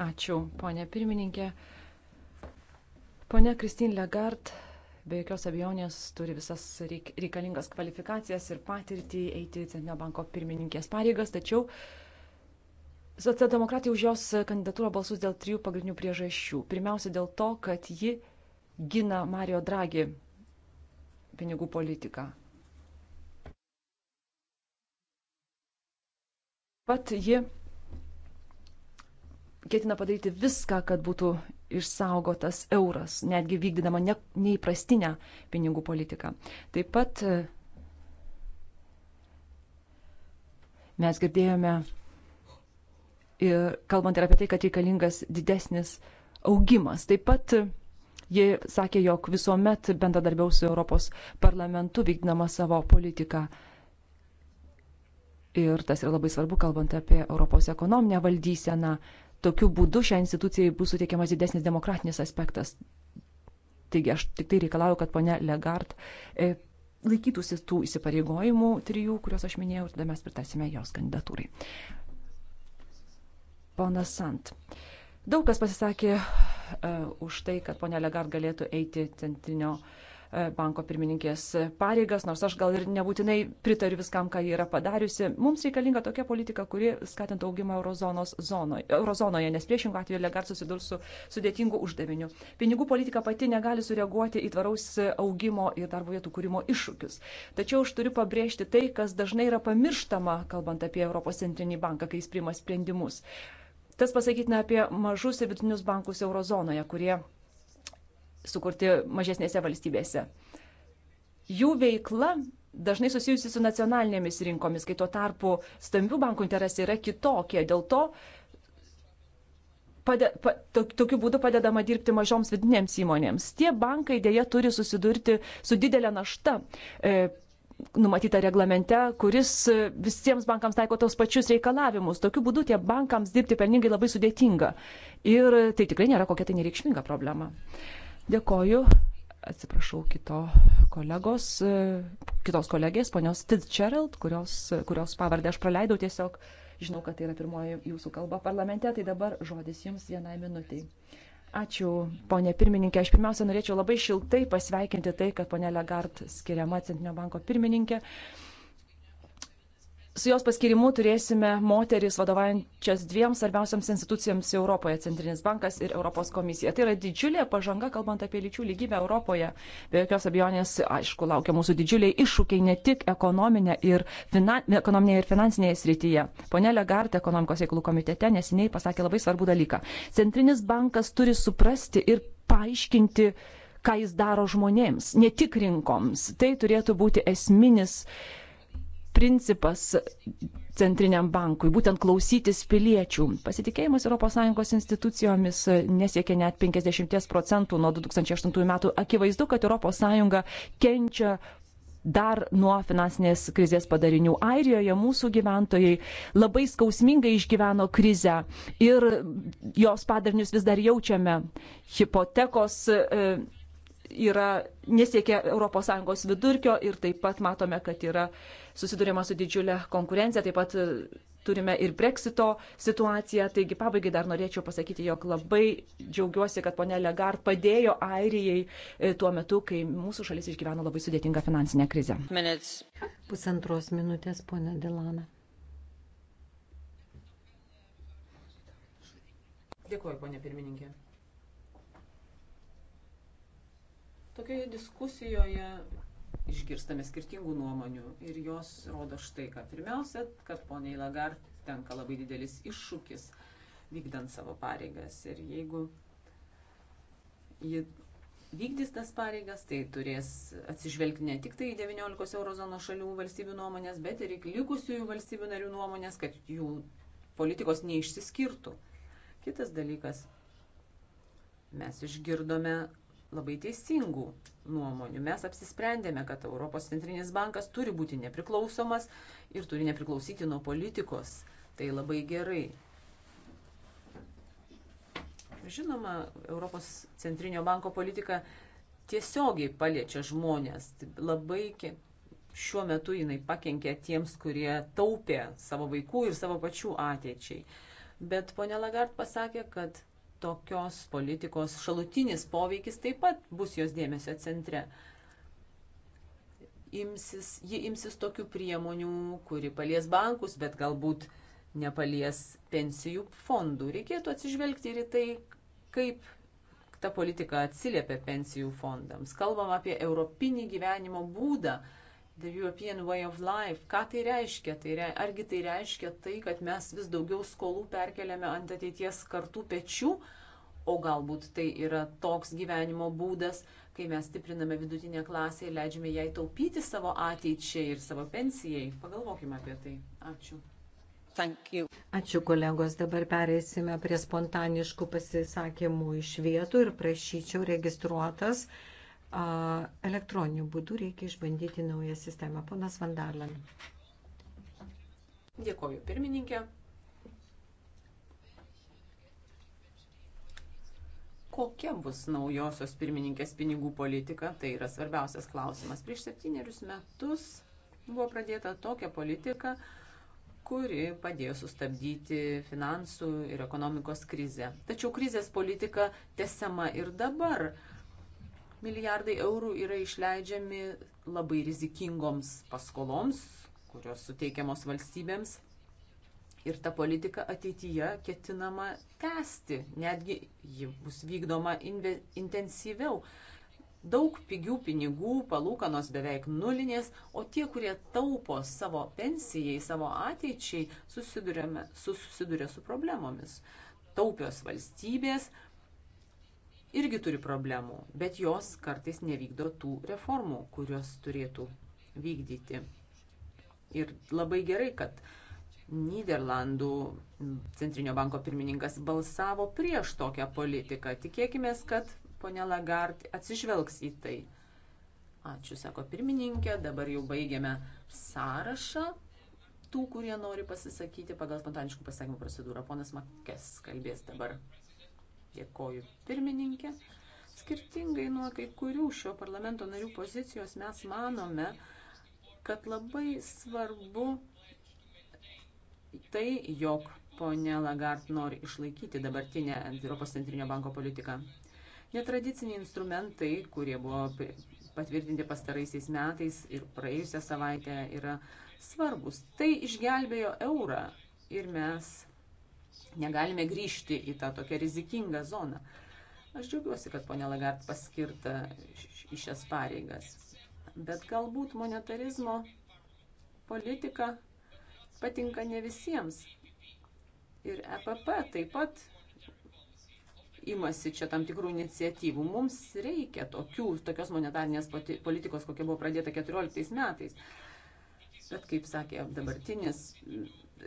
A: Ačiū, ponė pirmininkė. Pone Kristin Legard be jokios abejonės turi visas reik, reikalingas kvalifikacijas ir patirtį eiti Centrinio banko pirmininkės pareigas, tačiau socialdemokratai už jos kandidatūrą balsus dėl trijų pagrindinių priežasčių. Pirmiausia, dėl to, kad ji gina Mario Draghi pinigų politiką. Pat ji ketina padaryti viską, kad būtų išsaugotas euras, netgi vykdydama ne, neįprastinę pinigų politiką. Taip pat e, mes girdėjome, ir, kalbant ir apie tai, kad reikalingas didesnis augimas. Taip pat e, Ji sakė, jog visuomet bendradarbiaus su Europos parlamentu vykdama savo politiką. Ir tas yra labai svarbu, kalbant apie Europos ekonominę valdyseną. Tokiu būdu šią instituciją bus suteikiamas didesnis demokratinis aspektas. Taigi aš tik tai reikalauju, kad ponia Legard e, laikytųsi tų įsipareigojimų trijų, kuriuos aš minėjau, ir tada mes pritarsime jos kandidatūrai. Ponas Sant. Daug kas pasisakė E, už tai, kad ponia Legard galėtų eiti centrinio e, banko pirmininkės pareigas, nors aš gal ir nebūtinai pritariu viskam, ką ji yra padariusi. Mums reikalinga tokia politika, kuri skatintų augimą eurozonos zonoje, eurozonoje, nes priešingų atveju Legard susidurs su sudėtingu uždaviniu. Pinigų politika pati negali sureaguoti į tvaraus augimo ir darbo vietų kūrimo iššūkius. Tačiau aš turiu pabrėžti tai, kas dažnai yra pamirštama, kalbant apie Europos centrinį banką, kai jis priima sprendimus. Tas pasakytina apie mažus ir vidutinius bankus eurozonoje, kurie sukurti mažesnėse valstybėse. Jų veikla dažnai susijusi su nacionalinėmis rinkomis, kai tuo tarpu stambių bankų interesai yra kitokie. Dėl to pade, pa, to, tokiu būdu padedama dirbti mažoms vidinėms įmonėms. Tie bankai dėja turi susidurti su didelė našta, e, numatyta reglamente, kuris visiems bankams taiko tos pačius reikalavimus. Tokiu būdu tie bankams dirbti pelningai labai sudėtinga. Ir tai tikrai nėra kokia tai nereikšminga problema. Dėkoju. Atsiprašau kito kolegos, kitos kolegės, ponios Fitzgerald, kurios, kurios pavardę aš praleidau tiesiog. Žinau, kad tai yra pirmoji jūsų kalba parlamente, tai dabar žodis jums vienai minutiai. Ačiū, ponė pirmininkė. Aš pirmiausia norėčiau labai šiltai pasveikinti tai, kad ponė Legard skiriama Centrinio banko pirmininkė. Uh, Su jos paskirimu turėsime moteris vadovaujančias dviem svarbiausiams institucijams Europoje - Centrinis bankas ir Europos komisija. Tai yra didžiulė pažanga, kalbant apie lyčių lygybę Europoje. Be jokios abejonės, aišku, laukia mūsų didžiuliai iššūkiai ne tik ekonominė ir finan... ekonominėje ir finansinėje srityje. Pone Legart, ekonomikos reikalų komitete nesiniai pasakė labai svarbų dalyką. Centrinis bankas turi suprasti ir paaiškinti, ką jis daro žmonėms, ne tik rinkoms. Tai turėtų būti esminis uh, principas centriniam bankui, būtent klausytis piliečių. Pasitikėjimas ES institucijomis nesiekia net 50 procentų nuo 2008 metų. Akivaizdu, kad ES kenčia dar nuo finansinės krizės padarinių. Airijoje mūsų gyventojai labai skausmingai išgyveno krizę ir jos padarinius vis dar jaučiame. Hipotekos e, yra, nesiekia ES vidurkio ir taip pat matome, kad yra susidurima su didžiulė konkurencija, taip pat e, turime ir breksito situaciją. Taigi pabaigai dar norėčiau pasakyti, jog labai džiaugiuosi, kad ponė Legar padėjo Airijai e, tuo metu, kai mūsų šalis išgyveno labai sudėtingą finansinę krizę. Minutes. Pusantros minutės, ponė Dilana.
B: Dėkuoju, ponė pirmininkė. Tokioje diskusijoje išgirstame skirtingų nuomonių ir jos rodo štai, kad pirmiausia, kad poniai Lagart tenka labai didelis iššūkis vykdant savo pareigas. Ir jeigu ji vykdys tas pareigas, tai turės atsižvelgti ne tik tai į 19 eurozono šalių valstybių nuomonės, bet ir į likusiųjų valstybių narių nuomonės, kad jų politikos neišsiskirtų. Kitas dalykas. Mes išgirdome labai teisingų nuomonių. Mes apsisprendėme, kad Europos centrinis bankas turi būti nepriklausomas ir turi nepriklausyti nuo politikos. Tai labai gerai. Žinoma, Europos centrinio banko politika tiesiogiai paliečia žmonės. Labai šiuo metu jinai pakenkia tiems, kurie taupė savo vaikų ir savo pačių ateičiai. Bet ponia Lagart pasakė, kad tokios politikos šalutinis poveikis taip pat bus jos dėmesio centre. Imsis, ji imsis tokių priemonių, kuri palies bankus, bet galbūt nepalies pensijų fondų. Reikėtų atsižvelgti ir į tai, kaip ta politika atsiliepia pensijų fondams. Kalbam apie europinį gyvenimo būdą The European Way of Life. Ką tai reiškia? Tai re, argi tai reiškia tai, kad mes vis daugiau skolų perkeliame ant ateities kartų pečių? O galbūt tai yra toks gyvenimo būdas, kai mes stipriname vidutinę klasę ir leidžiame jai taupyti savo ateičiai ir savo pensijai. Pagalvokime apie tai. Ačiū.
C: Ačiū kolegos, dabar pereisime prie spontaniškų pasisakymų iš vietų ir prašyčiau registruotas elektroniniu būdu reikia išbandyti naują sistemą. Ponas Vandarlan.
B: Dėkoju, pirmininkė. Kokia bus naujosios pirmininkės pinigų politika? Tai yra svarbiausias klausimas. Prieš septynerius metus buvo pradėta tokia politika, kuri padėjo sustabdyti finansų ir ekonomikos krizę. Tačiau krizės politika tesama ir dabar milijardai eurų yra išleidžiami labai rizikingoms paskoloms, kurios suteikiamos valstybėms. Ir ta politika ateityje ketinama tęsti, netgi ji bus vykdoma inve, intensyviau. Daug pigių pinigų, palūkanos beveik nulinės, o tie, kurie taupo savo pensijai, savo ateičiai, susiduria su, susiduria su problemomis. Taupios valstybės irgi turi problemų, bet jos kartais nevykdo tų reformų, kurios turėtų vykdyti. Ir labai gerai, kad Niderlandų centrinio banko pirmininkas balsavo prieš tokią politiką. Tikėkime, kad ponė Lagart atsižvelgs į tai. Ačiū, sako pirmininkė, dabar jau baigiame sąrašą tų, kurie nori pasisakyti pagal spontaniškų pasakymų procedūrą. Ponas Makes kalbės dabar. Dėkoju pirmininkė. Skirtingai nuo kai kurių šio parlamento narių pozicijos mes manome, kad labai svarbu tai, jog ponė Lagart nori išlaikyti dabartinę Europos centrinio banko politiką. Netradiciniai instrumentai, kurie buvo patvirtinti pastaraisiais metais ir praėjusią savaitę, yra svarbus. Tai išgelbėjo eurą ir mes Negalime grįžti į tą tokią rizikingą zoną. Aš džiaugiuosi, kad ponia Lagart paskirta į šias pareigas. Bet galbūt monetarizmo politika patinka ne visiems. Ir EPP taip pat imasi čia tam tikrų iniciatyvų. Mums reikia tokių, tokios monetarnės politikos, kokia buvo pradėta 2014 metais. Bet kaip sakė dabartinis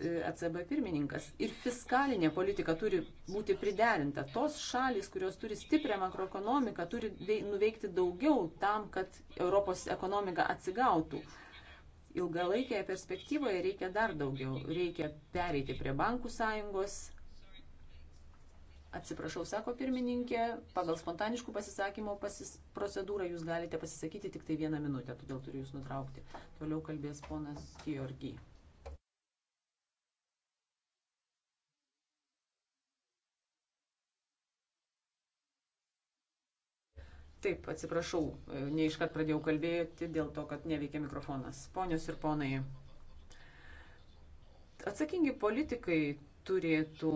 B: ECB pirmininkas. Ir fiskalinė politika turi būti priderinta. Tos šalis, kurios turi stiprią makroekonomiką, turi nuveikti daugiau tam, kad Europos ekonomika atsigautų. Ilgalaikėje perspektyvoje reikia dar daugiau. Reikia pereiti prie bankų sąjungos. Atsiprašau, sako pirmininkė, pagal spontaniškų pasisakymų pasis procedūrą jūs galite pasisakyti tik tai vieną minutę, todėl turiu jūs nutraukti. Toliau kalbės ponas Georgijai. Taip, atsiprašau, e, neiškart pradėjau kalbėti dėl to, kad neveikia mikrofonas. Ponios ir ponai, atsakingi politikai turėtų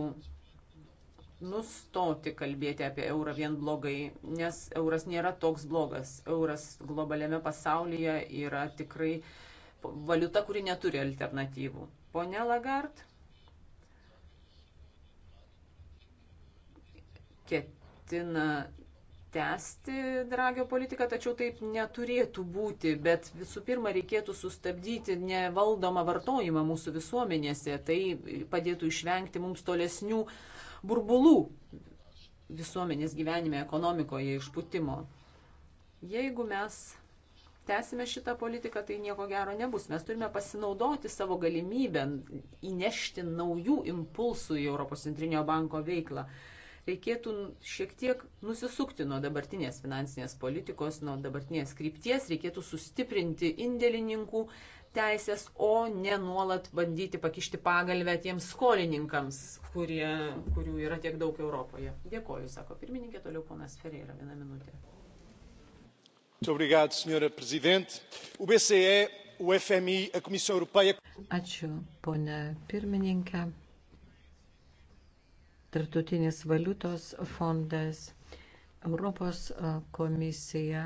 B: nustoti kalbėti apie eurą vien blogai, nes euras nėra toks blogas. Euras globaliame pasaulyje yra tikrai valiuta, kuri neturi alternatyvų. Pone Lagart, ketina tęsti dragio politiką, tačiau taip neturėtų būti, bet visų pirma reikėtų sustabdyti nevaldomą vartojimą mūsų visuomenėse, tai padėtų išvengti mums tolesnių burbulų visuomenės gyvenime, ekonomikoje išputimo. Jeigu mes tęsime šitą politiką, tai nieko gero nebus. Mes turime pasinaudoti savo galimybę įnešti naujų impulsų į Europos centrinio banko veiklą reikėtų šiek tiek nusisukti nuo dabartinės finansinės politikos, nuo dabartinės krypties, reikėtų sustiprinti indėlininkų teisės, o ne nuolat bandyti pakišti pagalbę tiems skolininkams, kurie, kurių yra tiek daug Europoje. Dėkoju, sako pirmininkė, toliau ponas Ferreira, vieną minutę.
D: Obrigado, senhora Presidente. O BCE, o FMI, a Comissão Europeia.
C: Ačiū, ponia pirmininkė. Tartutinis valiutos fondas, Europos komisija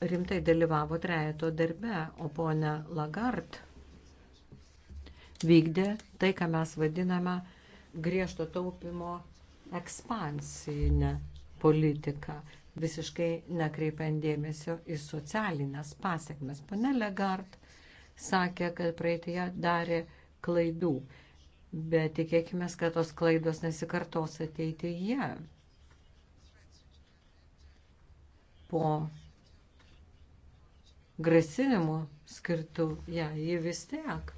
C: rimtai dalyvavo trejeto darbe, o ponia Lagard vykdė tai, ką mes vadiname griežto taupimo ekspansinę politiką, visiškai nekreipiant dėmesio į socialinės pasiekmes. Pane Legard sakė, kad praeitie darė klaidų bet tikėkime, kad tos klaidos nesikartos ateityje. Po grasinimų skirtų, ja, ji vis tiek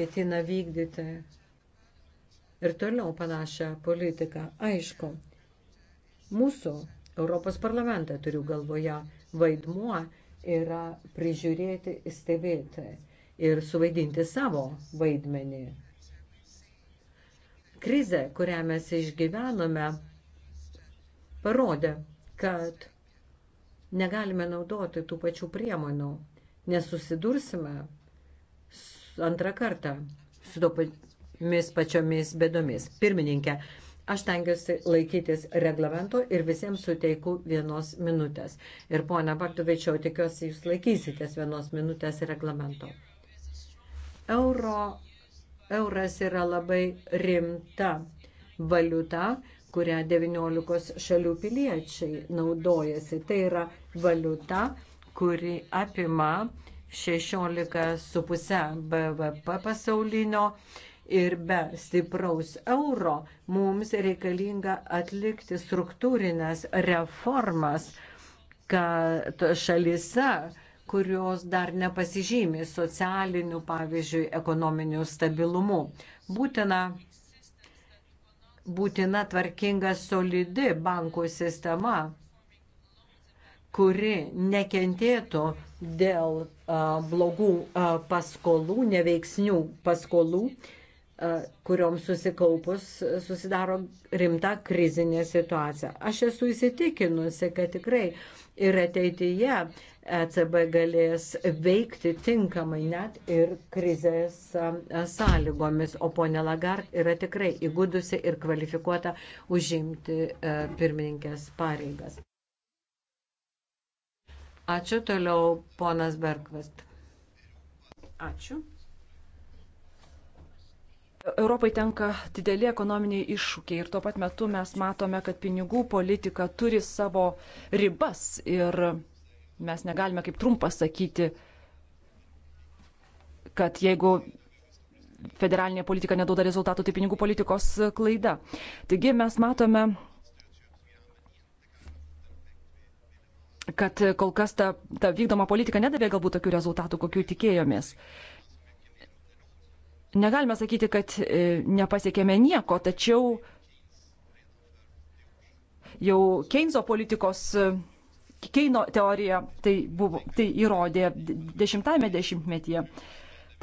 C: ketina vykdyti ir toliau panašią politiką. Aišku, mūsų Europos parlamentą turiu galvoje vaidmuo yra prižiūrėti, stebėti ir suvaidinti savo vaidmenį Krize, kurią mes išgyvenome, parodė, kad negalime naudoti tų pačių priemonių, nes susidursime antrą kartą su tomis pačiomis bėdomis. Pirmininkė, aš tengiuosi laikytis reglamento ir visiems suteiku vienos minutės. Ir ponia Bartuvičiau, tikiuosi, jūs laikysitės vienos minutės reglamento. Euro Euras yra labai rimta valiuta, kurią 19 šalių piliečiai naudojasi. Tai yra valiuta, kuri apima 16,5 BVP pasaulinio ir be stipraus euro mums reikalinga atlikti struktūrinės reformas, kad šalise, kurios dar nepasižymi socialiniu, pavyzdžiui, ekonominiu stabilumu. Būtina būtina tvarkinga solidi bankų sistema, kuri nekentėtų dėl a, blogų a, paskolų, neveiksnių paskolų, a, kurioms susikaupus susidaro rimta krizinė situacija. Aš esu įsitikinusi, kad tikrai ir ateityje ECB galės veikti tinkamai net ir krizės sąlygomis, o ponė Lagart yra tikrai įgudusi ir kvalifikuota užimti e, pirmininkės pareigas. Ačiū toliau, ponas
A: Bergvast. Ačiū. Europai tenka dideli ekonominiai iššūkiai ir tuo pat metu mes matome, kad pinigų politika turi savo ribas ir Mes negalime kaip trumpas sakyti, kad jeigu federalinė politika neduoda rezultatų, tai pinigų politikos klaida. Taigi mes matome, kad kol kas ta, ta vykdoma politika nedavė galbūt tokių rezultatų, kokių tikėjomės. Negalime sakyti, kad e, nepasiekėme nieko, tačiau jau Keynesio politikos Keino teorija tai, buvo, tai įrodė dešimtame dešimtmetyje.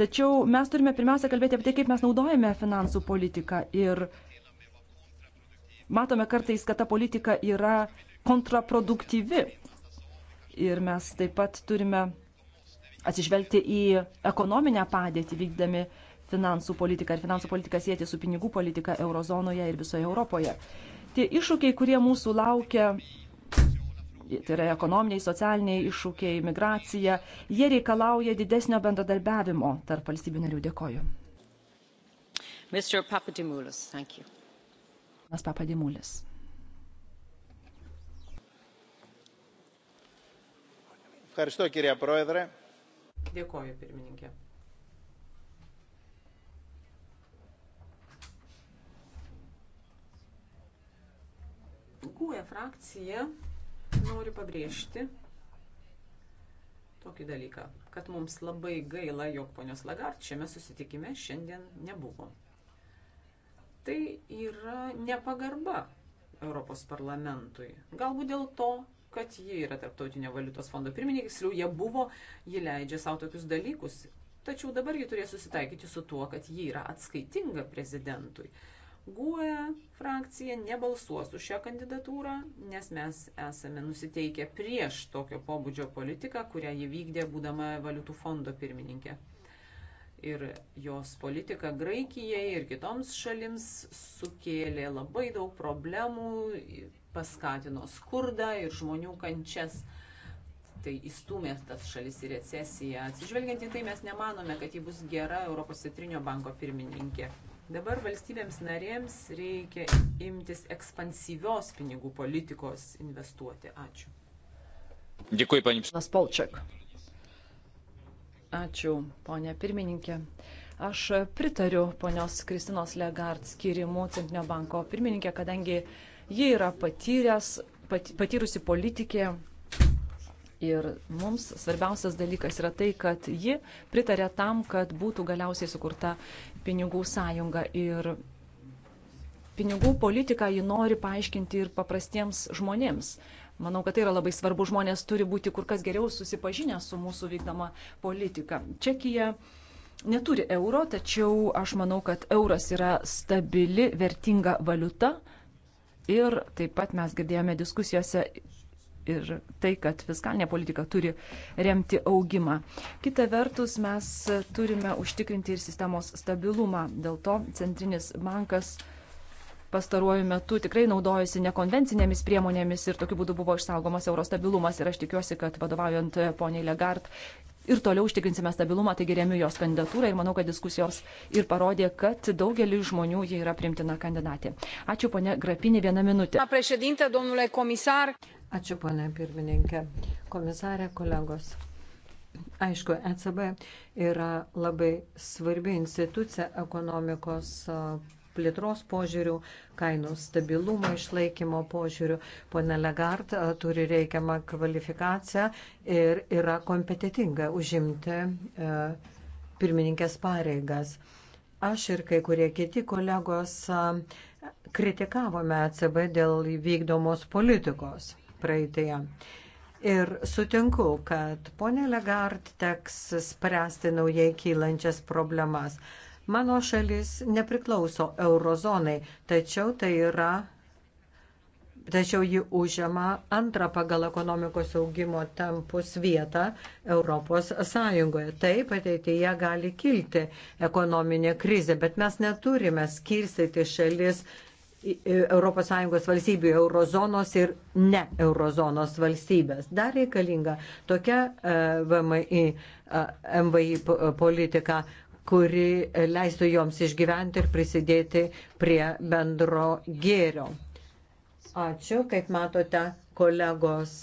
A: Tačiau mes turime pirmiausia kalbėti apie tai, kaip mes naudojame finansų politiką ir matome kartais, kad ta politika yra kontraproduktyvi. Ir mes taip pat turime atsižvelgti į ekonominę padėtį vykdami finansų politiką ir finansų politiką sieti su pinigų politika eurozonoje ir visoje Europoje. Tie iššūkiai, kurie mūsų laukia tai yra ekonominiai, socialiniai iššūkiai, migracija, jie reikalauja didesnio bendradarbiavimo tarp valstybių narių. Dėkoju.
D: Papadimulis,
A: Mes papadimulis.
D: Ευχαριστώ κυρία Πρόεδρε.
B: Dėkoju, pirmininkė. GUE frakcija noriu pabrėžti tokį dalyką, kad mums labai gaila, jog ponios Lagart šiame susitikime šiandien nebuvo. Tai yra nepagarba Europos parlamentui. Galbūt dėl to, kad ji yra Tarptautinio valiutos fondo pirmininkė, tiksliau, jie buvo, ji leidžia savo tokius dalykus. Tačiau dabar ji turės susitaikyti su tuo, kad ji yra atskaitinga prezidentui. GUE frakcija nebalsuos už šią kandidatūrą, nes mes esame nusiteikę prieš tokio pobūdžio politiką, kurią jį vykdė būdama valiutų fondo pirmininkė. Ir jos politika Graikijai ir kitoms šalims sukėlė labai daug problemų, paskatino skurdą ir žmonių kančias tai įstumė tas šalis į recesiją. Atsižvelgiant į tai, mes nemanome, kad ji bus gera Europos centrinio banko pirmininkė. Dabar valstybėms narėms reikia imtis ekspansyvios pinigų
A: politikos investuoti. Ačiū. Dėkui, panim. Polčiak. Ačiū, ponė pirmininkė. Aš pritariu ponios Kristinos Legard skirimu Centrinio banko pirmininkė, kadangi ji yra patyręs, pat, patyrusi politikė, Ir mums svarbiausias dalykas yra tai, kad ji pritarė tam, kad būtų galiausiai sukurta pinigų sąjunga. Ir pinigų politiką ji nori paaiškinti ir paprastiems žmonėms. Manau, kad tai yra labai svarbu. Žmonės turi būti kur kas geriau susipažinę su mūsų vykdoma politika. Čekija neturi euro, tačiau aš manau, kad euras yra stabili, vertinga valiuta. Ir taip pat mes girdėjome diskusijose ir tai, kad fiskalinė politika turi remti augimą. Kita vertus, mes turime užtikrinti ir sistemos stabilumą. Dėl to Centrinis bankas pastaruoju metu tikrai naudojasi nekonvencinėmis priemonėmis ir tokiu būdu buvo išsaugomas euro stabilumas ir aš tikiuosi, kad vadovaujant poniai Legard ir toliau užtikrinsime stabilumą, taigi remiu jos kandidatūrą ir manau, kad diskusijos ir parodė, kad daugelį žmonių jie yra primtina kandidatė. Ačiū, ponė Grapinė, vieną minutę. Ačiū, ponė pirmininkė. Komisarė, kolegos.
C: Aišku, ECB yra labai svarbi institucija ekonomikos plėtros požiūrių, kainų stabilumo išlaikymo požiūrių. Pone Legard turi reikiamą kvalifikaciją ir yra kompetitinga užimti pirmininkės pareigas. Aš ir kai kurie kiti kolegos kritikavome ECB dėl vykdomos politikos praeitėje. Ir sutinku, kad ponė Legard teks spręsti naujai kylančias problemas. Mano šalis nepriklauso eurozonai, tačiau tai yra tačiau ji užima antrą pagal ekonomikos augimo tempus vietą Europos Sąjungoje. Taip, ateityje gali kilti ekonominė krizė, bet mes neturime skirstyti šalis ES valstybių, eurozonos ir ne eurozonos valstybės. Dar reikalinga tokia e, VMI, e, MVI e, politika, kuri leistų joms išgyventi ir prisidėti prie bendro gėrio. Ačiū, kaip matote, kolegos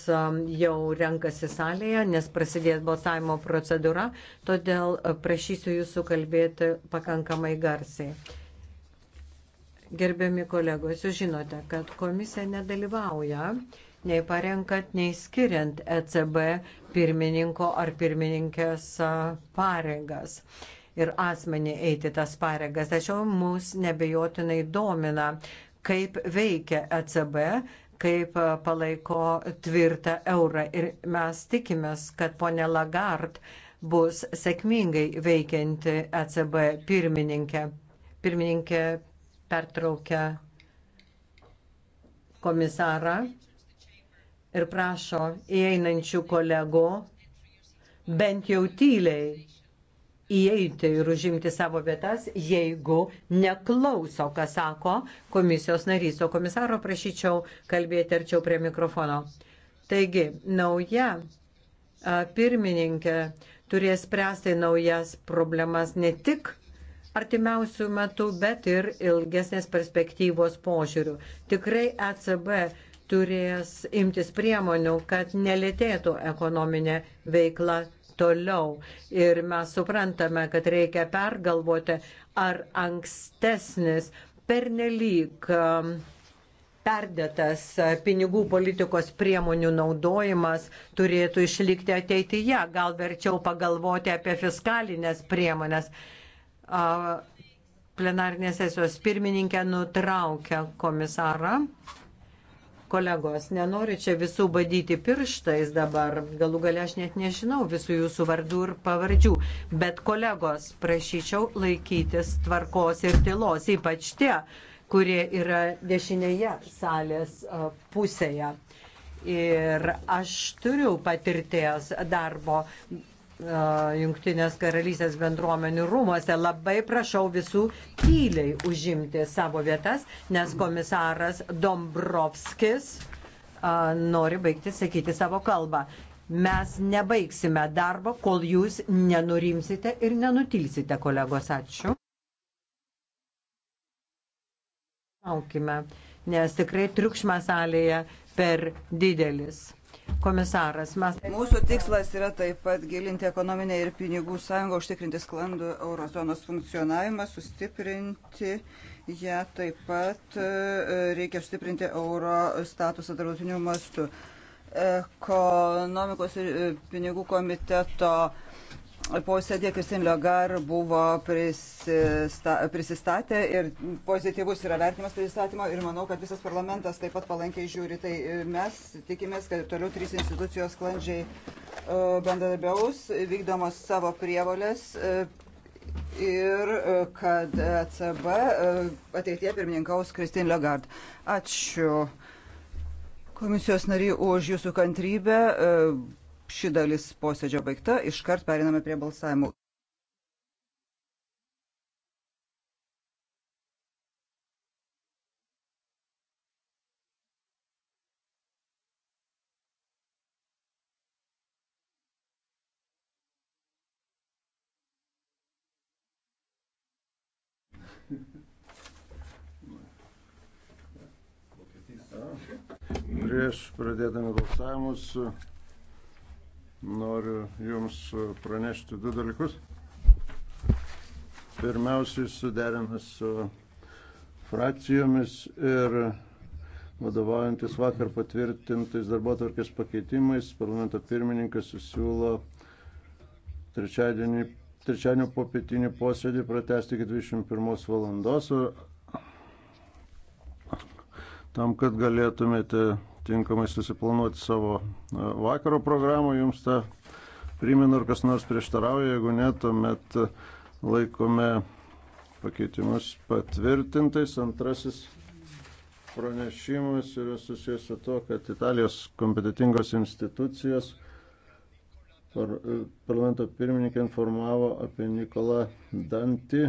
C: jau renkasi salėje, nes prasidės balsavimo procedūra, todėl prašysiu jūsų kalbėti pakankamai garsiai. Gerbiami kolegos, jūs žinote, kad komisija nedalyvauja nei parenkant, nei skiriant ECB pirmininko ar pirmininkės pareigas ir asmenį eiti tas pareigas. Tačiau mus nebejotinai domina, kaip veikia ECB kaip palaiko tvirtą eurą. Ir mes tikimės, kad ponė Lagard bus sėkmingai veikianti ECB pirmininkė, pirmininkė pertraukia komisarą ir prašo įeinančių kolegų bent jau tyliai įeiti ir užimti savo vietas, jeigu neklauso, ką sako komisijos narys. O komisaro prašyčiau kalbėti arčiau prie mikrofono. Taigi, nauja pirmininkė turės spręsti naujas problemas ne tik artimiausių metų, bet ir ilgesnės perspektyvos požiūrių. Tikrai ECB turės imtis priemonių, kad nelėtėtų ekonominė veikla toliau. Ir mes suprantame, kad reikia pergalvoti, ar ankstesnis pernelyg um, perdėtas pinigų politikos priemonių naudojimas turėtų išlikti ateityje. Gal verčiau pagalvoti apie fiskalinės priemonės plenarinės sesijos pirmininkė nutraukia komisarą. Kolegos, nenori čia visų badyti pirštais dabar, galų gale aš net nežinau visų jūsų vardų ir pavardžių, bet kolegos, prašyčiau laikytis tvarkos ir tylos, ypač tie, kurie yra dešinėje salės pusėje. Ir aš turiu patirties darbo Junktinės karalystės bendruomenių rūmose. Labai prašau visų tyliai užimti savo vietas, nes komisaras Dombrovskis nori baigti sakyti savo kalbą. Mes nebaigsime darbo, kol jūs nenurimsite ir nenutilsite, kolegos. Ačiū. Laukime, nes tikrai triukšmas salėje per didelis komisaras. Mes...
B: Mūsų tikslas yra taip pat gilinti ekonominę ir pinigų sąjungą, užtikrinti sklandų eurozonos funkcionavimą, sustiprinti ją ja, taip pat e, reikia stiprinti euro statusą tarptautiniu mastu. Ekonomikos ir e, pinigų komiteto uh, posėdė Kristin Legar buvo prisista, prisistatę ir pozityvus yra vertimas prisistatymo ir manau, kad visas parlamentas taip pat palankiai žiūri. Tai mes tikimės, kad toliau trys institucijos sklandžiai e, bendradarbiaus, vykdomos savo prievolės e, ir e, kad ECB ateitie pirmininkaus Kristin Legard. Ačiū komisijos nariai už jūsų kantrybę. Ši dalis posėdžio baigta, iškart
C: periname prie balsavimų.
D: Prieš pradėdami balsavimus noriu Jums pranešti du dalykus. Pirmiausiai suderinas su frakcijomis ir vadovaujantis vakar patvirtintais darbotvarkės pakeitimais, parlamento pirmininkas siūlo trečiadienį, trečiadienio popietinį posėdį pratesti iki 21 valandos, tam, kad galėtumėte tinkamai susiplanuoti savo vakaro programą, jums tą primenu, ar kas nors prieštarauja, jeigu ne, tuomet laikome pakeitimus patvirtintais. Antrasis pranešimas yra susijęs su to, kad Italijos kompetitingos institucijos par, parlamento pirmininkė informavo apie Nikolą Dantį